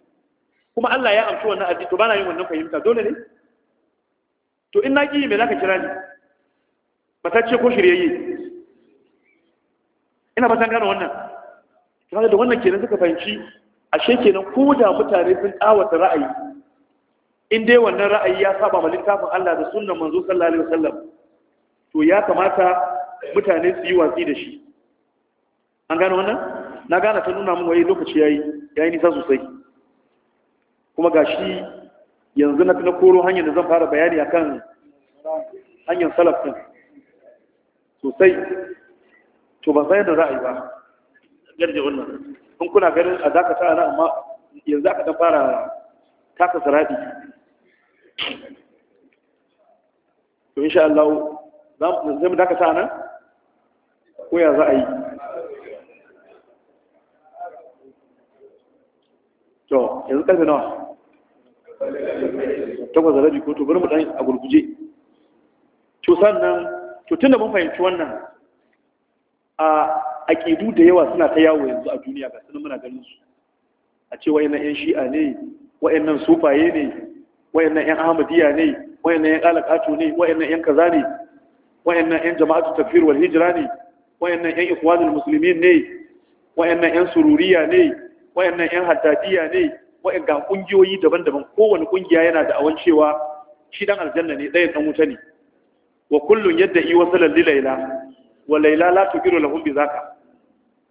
kuma Allah ya amshi wannan addini to bana yin wannan fahimta dole ne to in na ki me zaka kira ni ce ko yi. ina batan gane wannan kaga da wannan kenan suka fahimci ashe kenan ko da mutane sun tsawata ra'ayi in dai wannan ra'ayi ya saba ma littafin Allah da sunnan manzo sallallahu alaihi wasallam to ya kamata mutane su yi watsi da shi an gane wannan na gane ta nuna mun waye lokaci yayi yayi nisa sosai kuma gashi yanzu na na koro hanyar da zan fara bayani akan hanyar salaf din sosai to ba sai da ra'ayi ba garje wannan kun kuna ganin a zaka ta ana amma yanzu aka dan fara taka sarabi to insha Allah za mu dakata nan ko ya za a yi to yanzu karfe nawa takwas da rabi ko to bari mu dan a gurguje to sannan to da mun fahimci wannan a aƙidu da yawa suna ta yawo yanzu a duniya ga sunan muna ganin su a ce wayannan yan shi'a ne wayannan sufaye ne wayannan yan ahmadiyya ne wayannan yan alaqatu ne wayannan yan kaza ne wayannan yan jama'atu tafsir wal hijra ne wayannan yan ikhwanul muslimin ne wayannan yan sururiya ne wayannan yan hadadiya ne wayanga kungiyoyi daban-daban kowanne kungiya yana da awan cewa shi dan aljanna ne dayan dan wuta ne wa kullun yadda yi wasalan lilaila laila wa laila la tukiru lahum bi zaka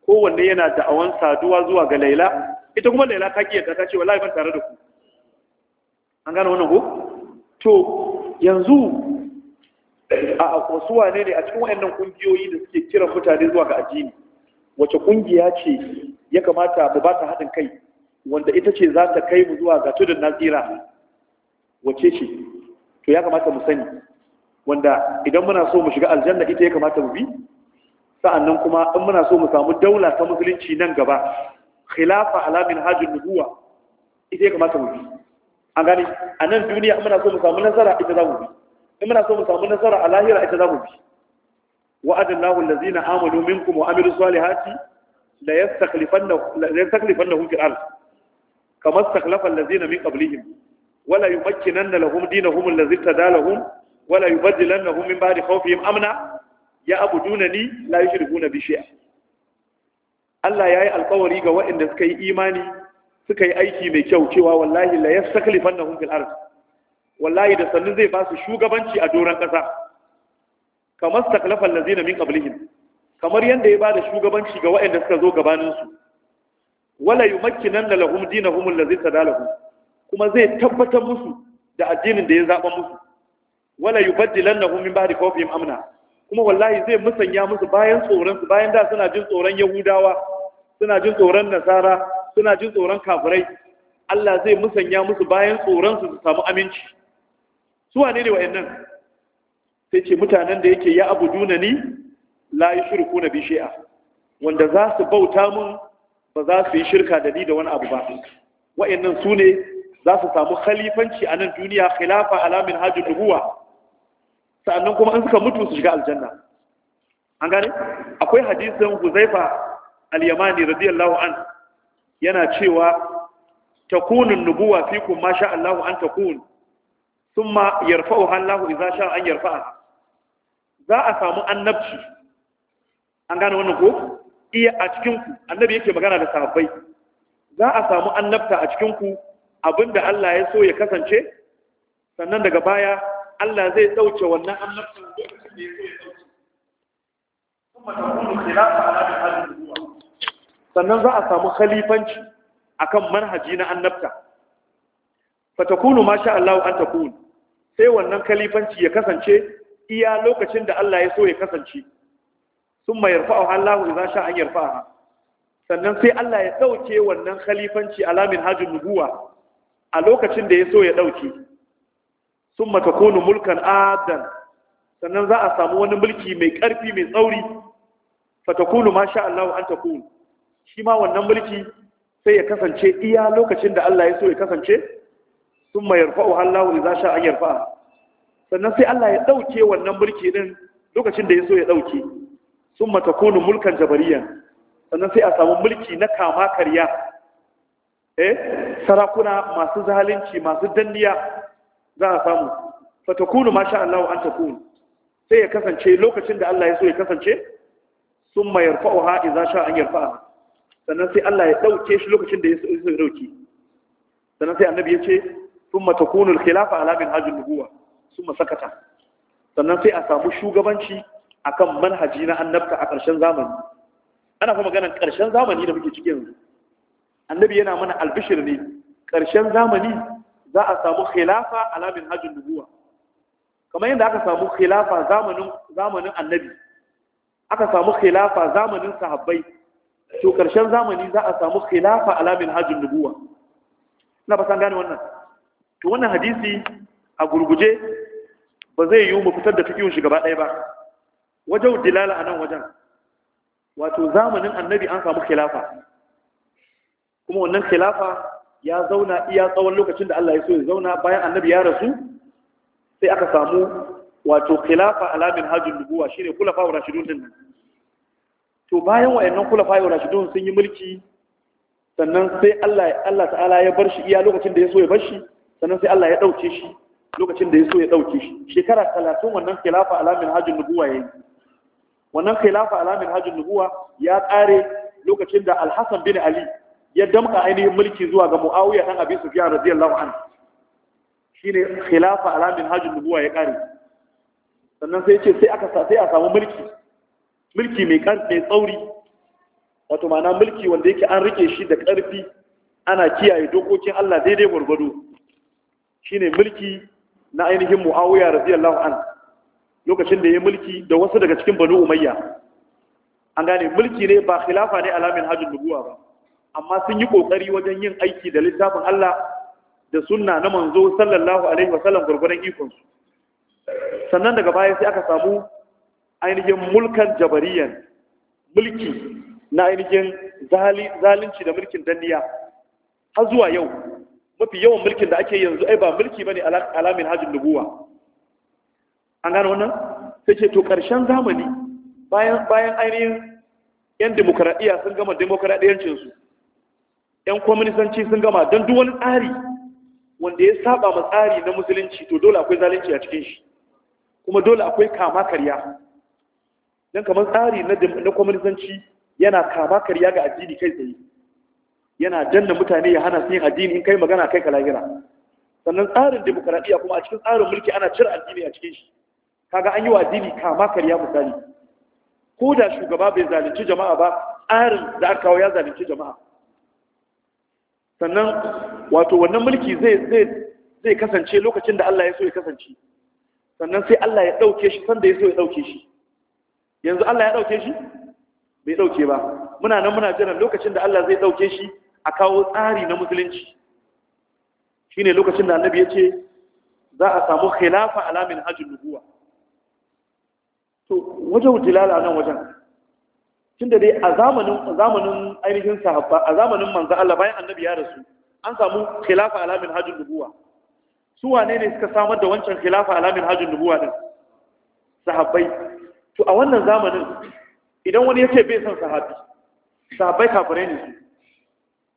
kowanne yana da awan saduwa zuwa ga laila ita kuma laila ta kiyata ta ce wallahi ban tare da ku an gane wannan ko to yanzu a wasu ne ne a cikin wayannan kungiyoyi da suke kiran mutane zuwa ga addini wace kungiya ce ya kamata mu ba ta haɗin kai wanda ita ce za ta kai mu zuwa ga tudun nazira? wace ce to ya kamata mu sani wanda idan muna so mu shiga aljanna ita ya kamata mu bi sa'annan kuma in muna so mu samu daula ta musulunci nan gaba khilafa alamin hajjin nubuwa ita ya kamata mu bi an gani a nan duniya in muna so mu samu nasara ita za mu bi in muna so mu samu nasara a lahira ita za mu bi وعد الله الذين آمنوا منكم وعملوا الصالحات لا يستخلفنهم في الأرض كما استخلف الذين من قبلهم ولا يمكنن لهم دينهم الذي ارتدى لهم ولا يبدلنهم من بعد خوفهم أمنا يعبدونني لا يشركون بي شيئا Allah ya yi alkawari ga waɗanda suka yi imani suka yi aiki mai kyau cewa wallahi la yastaklifannahum fil ard wallahi da sannu zai ba su shugabanci a doron ƙasa kamar taklafan lazina min kamar yadda ya ba da shugabanci ga waɗanda suka zo gabaninsu, gabanin su wala da lahum zai allazi lahum kuma zai tabbatar musu da addinin da ya zaba musu wala humin ba da kofin amna kuma wallahi zai musanya musu bayan tsoron bayan da suna jin tsoron yahudawa suna jin tsoron nasara suna jin tsoron kafirai Allah zai musanya musu bayan tsoron su samu aminci su wane ne wa'annan sai ce mutanen da yake ya abu duna ni la shirku na bishi'a wanda za su bauta mun ba za su yi shirka da ni da wani abu ba wa'annan su ne za su samu khalifanci a nan duniya khilafa alamin hajji duhuwa sa'annan kuma an suka mutu su shiga aljanna an gane akwai hadisin huzaifa al-yamani radiyallahu an yana cewa takunun nubuwa fikum ma sha Allahu an takun thumma yarfa'uha an yarfa'a za a samu annabci an gane wannan ko iya a cikin ku annabi yake magana da sahabbai za a samu annabta a cikin ku abinda Allah ya so ya kasance sannan daga baya Allah zai dauke wannan annabta lokacin da ya so ya dauke kuma ta kuma khilafa ala al-hadith sannan za a samu khalifanci akan manhaji na annabta fatakunu ma sha Allah an takun sai wannan khalifanci ya kasance iya lokacin da Allah ya so ya kasance sun mai yarfa'u Allah za sha an yarfa'a sannan sai Allah ya dauke wannan khalifanci alamin hajjin nubuwa a lokacin da ya so ya dauke sun matakonu mulkan adan sannan za a samu wani mulki mai ƙarfi mai tsauri fatakunu ma sha Allah an takunu shi ma wannan mulki sai ya kasance iya lokacin da Allah ya so ya kasance sun mai yarfa'u Allah za sha an yarfa'a sannan sai Allah ya ɗauke wannan mulki ɗin lokacin da ya so ya ɗauke sun matakonu mulkan jabariyan sannan sai a samu mulki na kama karya eh sarakuna masu zalunci masu danniya za a samu fatakunu masha Allah an takunu sai ya kasance lokacin da Allah ya so ya kasance sun mayar yarfa'uha idza sha an yarfa'a sannan sai Allah ya ɗauke shi lokacin da ya so ya ɗauke sannan sai annabi ya ce sun matakonu al-khilafa ala min hajjin nubuwa sun masakata sannan sai a samu shugabanci akan manhaji na annabta a ƙarshen zamani ana fa ganin ƙarshen zamani da muke cikin yanzu annabi yana mana albishir ne ƙarshen zamani za a samu khilafa alamin hajjin nubuwa kamar yadda aka samu khilafa zamanin annabi aka samu khilafa zamanin sahabbai to ƙarshen zamani za a samu khilafa alamin hajjin nubuwa ina ba san gane wannan to wannan hadisi a gurguje ba zai yiwu mu fitar da fikihun shi gaba ɗaya ba wajen dilala a nan wajen wato zamanin annabi an samu khilafa kuma wannan khilafa ya zauna iya tsawon lokacin da Allah ya so ya zauna bayan annabi ya rasu sai aka samu wato khilafa alamin hajjin nubuwa shine kulafa wa rashidun din nan to bayan wayannan kulafa wa rashidun sun yi mulki sannan sai Allah Allah ta'ala ya bar shi iya lokacin da ya so ya bar shi sannan sai Allah ya dauke shi lokacin da ya so ya ɗauke shi shekara talatin wannan khilafa alamin hajjin nubuwa ya yi wannan khilafa alamin hajjin nubuwa ya ƙare lokacin da alhassan bin ali ya damka ainihin mulki zuwa ga mu'awiya ɗan abin sufiya radiyallahu anhu shine khilafa alamin hajjin nubuwa ya ƙare sannan sai ce sai aka sai a samu mulki mulki mai mai tsauri wato ma'ana mulki wanda yake an rike shi da ƙarfi ana kiyaye dokokin Allah daidai gwargwado shine mulki na ainihin mu'awiyar radiyallahu an lokacin da ya mulki da wasu daga cikin banu umayya an gane mulki ne ba khilafa ne alamin hajjin nubuwa ba amma sun yi kokari wajen yin aiki da littafin Allah da sunna na manzo sallallahu alaihi wasallam gurgurdan ikon su sannan daga baya sai aka samu ainihin mulkan jabariyan mulki na ainihin zalunci da mulkin danniya har zuwa yau mafi yawan mulkin da ake yanzu ai ba mulki bane alamin hajjin nubuwa an gano wannan sai ce to karshen zamani bayan bayan ainihin yan demokradiya sun gama demokradiyancin su yan kwaminisanci sun gama don duk wani tsari wanda ya saba ma tsari na musulunci to dole akwai zalunci a cikin shi kuma dole akwai kama karya don kamar tsari na kwaminisanci yana kama karya ga addini kai tsaye yana danna mutane ya hana su yin addini in kai magana kai ka lahira sannan tsarin demokaradiyya kuma a cikin tsarin mulki ana cire addini a cikin shi kaga an yi wa addini kama karya misali ko da shugaba bai zalunci jama'a ba tsarin da aka kawo ya zalunci jama'a sannan wato wannan mulki zai zai zai kasance lokacin da Allah ya so ya kasance sannan sai Allah ya dauke shi sanda ya so ya dauke shi yanzu Allah ya dauke shi bai dauke ba muna nan muna jiran lokacin da Allah zai dauke shi a kawo tsari na musulunci Shi ne lokacin da annabi ya ce za a samu khilafa alamin hajjin nubuwa to wajen jilala nan wajen tunda dai a zamanin zamanin ainihin sahabba a zamanin manza Allah bayan annabi ya rasu an samu khilafa alamin hajjin nubuwa su wane ne suka samar da wancan khilafa alamin hajjin nubuwa din sahabbai to a wannan zamanin idan wani ya ce bai son sahabi sahabbai kafirai ne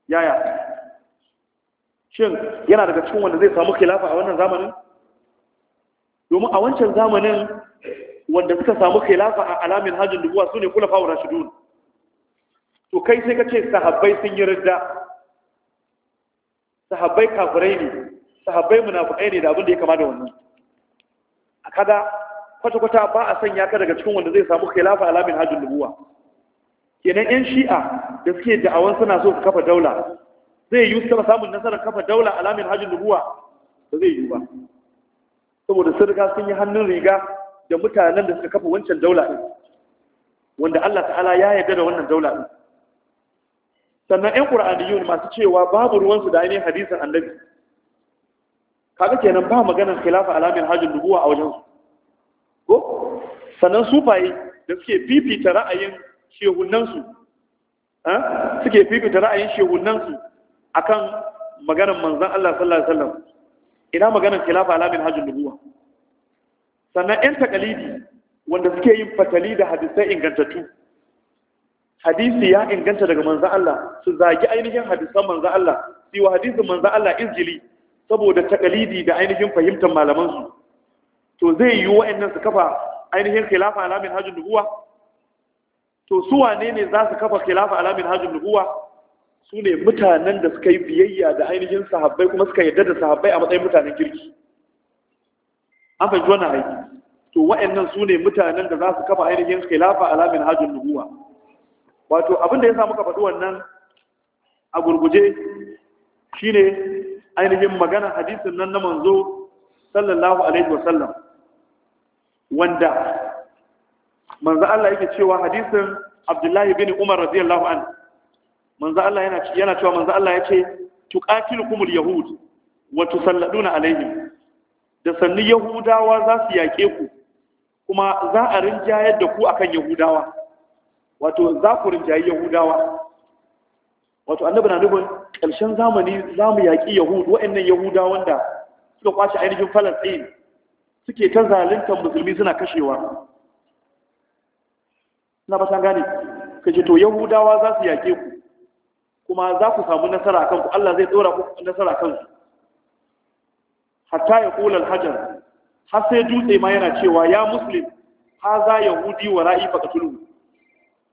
yaya shin yana daga cikin wanda zai samu khilafa a wannan zamanin domin a wancan zamanin wanda suka samu khilafa a alamin hajjin dubuwa su ne kula fawon rashidun to kai sai ka ce sahabbai sun yi ridda sahabbai kafirai ne sahabbai munafukai ne da abin da ya kama da wannan a kada, kwata-kwata ba a sanya ka daga cikin wanda zai samu khilafa alamin hajjin dubuwa kenan yan shi'a da suke da'awar suna so su kafa daula zai yi su samun nasarar kafa daula alamin hajjin ruwa ba zai yi ba saboda sun riga sun yi hannun riga da mutanen da suka kafa wancan daula ɗin wanda Allah ta'ala ya yarda da wannan daula ɗin sannan 'yan ƙura'aniyun masu cewa babu ruwansu da ainihin hadisin annabi kaga kenan ba maganar khilafa alamin hajjin nubuwa a wajensu ko sannan sufaye da suke fifita ra'ayin shehunansu suke fifita ra'ayin shehunansu kan maganar manzan Allah sallallahu alaihi wasallam ina maganar khilafa alamin hajjin nubuwa sannan yan takalidi wanda suke yin fatali da hadisai ingantattu hadisi ya inganta daga manzan Allah su zagi ainihin hadisan manzan Allah siwa hadisin manzan Allah injili saboda takalidi da ainihin fahimtar malamansu to zai yi wa'annan su kafa ainihin khilafa alamin hajjin nubuwa to su wane ne za su kafa khilafa alamin hajjin nubuwa su ne mutanen da suka yi biyayya da ainihin sahabbai kuma suka yarda da sahabbai a matsayin mutanen kirki an fahimci wannan aiki to wa'annan su ne mutanen da za su kafa ainihin khilafa alamin hajjin nubuwa wato abin da ya sa muka faɗi wannan a gurguje shine ainihin magana hadisin nan na manzo sallallahu alaihi wasallam wanda manzo Allah yake cewa hadisin Abdullahi bin Umar radiyallahu an manzo Allah yana yana cewa manzo Allah yace tuqatilukumul yahud wa tusalladuna alaihim da sannu yahudawa za su yake ku kuma za a rinjayar da ku akan yahudawa wato za ku rinjayi yahudawa wato annabi na ƙarshen zamani za mu yaƙi yahud wa'annan Yahudawa da suka kwace ainihin falastin suke ta zaluntar musulmi suna kashewa na ba san gane ka ce to yahudawa za su yake ku kuma za ku samu nasara kan ku Allah zai tsora ku nasara kan su hatta ya kula alhajar har sai dutse ma yana cewa ya muslim ha za yahudi wa ra'i faqatulu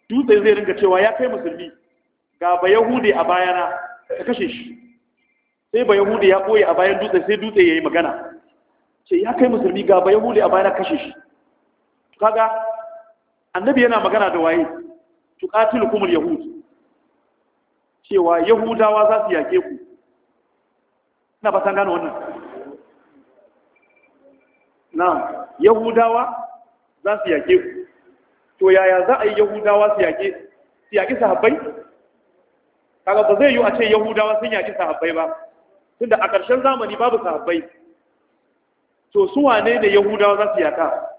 dutse zai ringa cewa ya kai musulmi ga ba yahudi a bayana ka kashe shi sai ba yahudi ya ɓoye a bayan dutse sai dutse yayi magana ce ya kai musulmi ga ba yahudi a bayana kashe shi kaga annabi yana magana da waye tuqatilukum al-yahud cewa yahudawa za su yake ku ina ba san gano wannan na yahudawa za su yake ku to yaya za a yi yahudawa su yake su yake sahabbai kaga ba zai yi a ce yahudawa sun yake sahabbai ba tunda a ƙarshen zamani babu sahabbai to su wane ne yahudawa za su yaka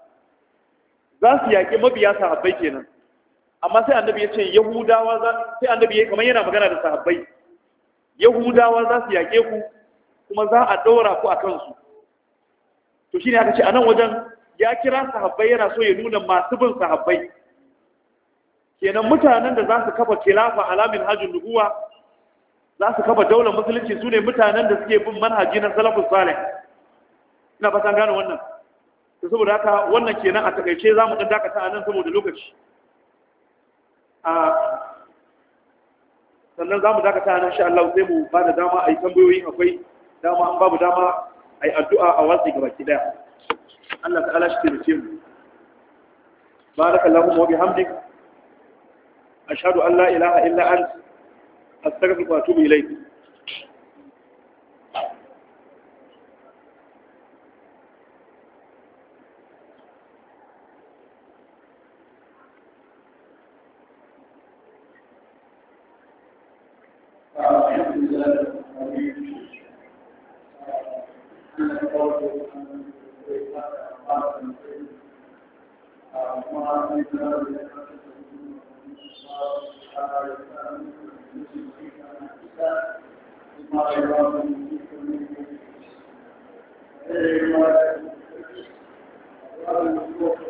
za su yaƙi mabiya sahabbai kenan amma sai annabi ya ce yahudawa za sai annabi ya kamar yana magana da sahabbai yahudawa za su yaƙe ku kuma za a ɗaura ku a kansu to shi ne aka ce a nan wajen ya kira sahabbai yana so ya nuna masu bin sahabbai kenan mutanen da za su kafa kilafa alamin hajjin nubuwa za su kafa daular musulunci su ne mutanen da suke bin manhaji na salafus salih ina fatan gane wannan to saboda haka wannan kenan a takaice za mu ɗan dakata a nan saboda lokaci sannan za mu dakata a nan sha Allah sai mu ba da dama a yi tambayoyi akwai dama an babu dama a yi addu'a a watsi gaba ki ɗaya Allah ta'ala shi taimake mu kuma wa hamdi a an Allah ilaha illa anta astaghfiruka wa atubu ilayk Amém.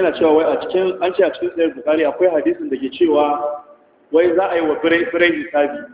wani yana cewa wai a cikin an ce a cikin sayar bukari akwai hadisin da ke cewa wai za a yi wa birai hisabi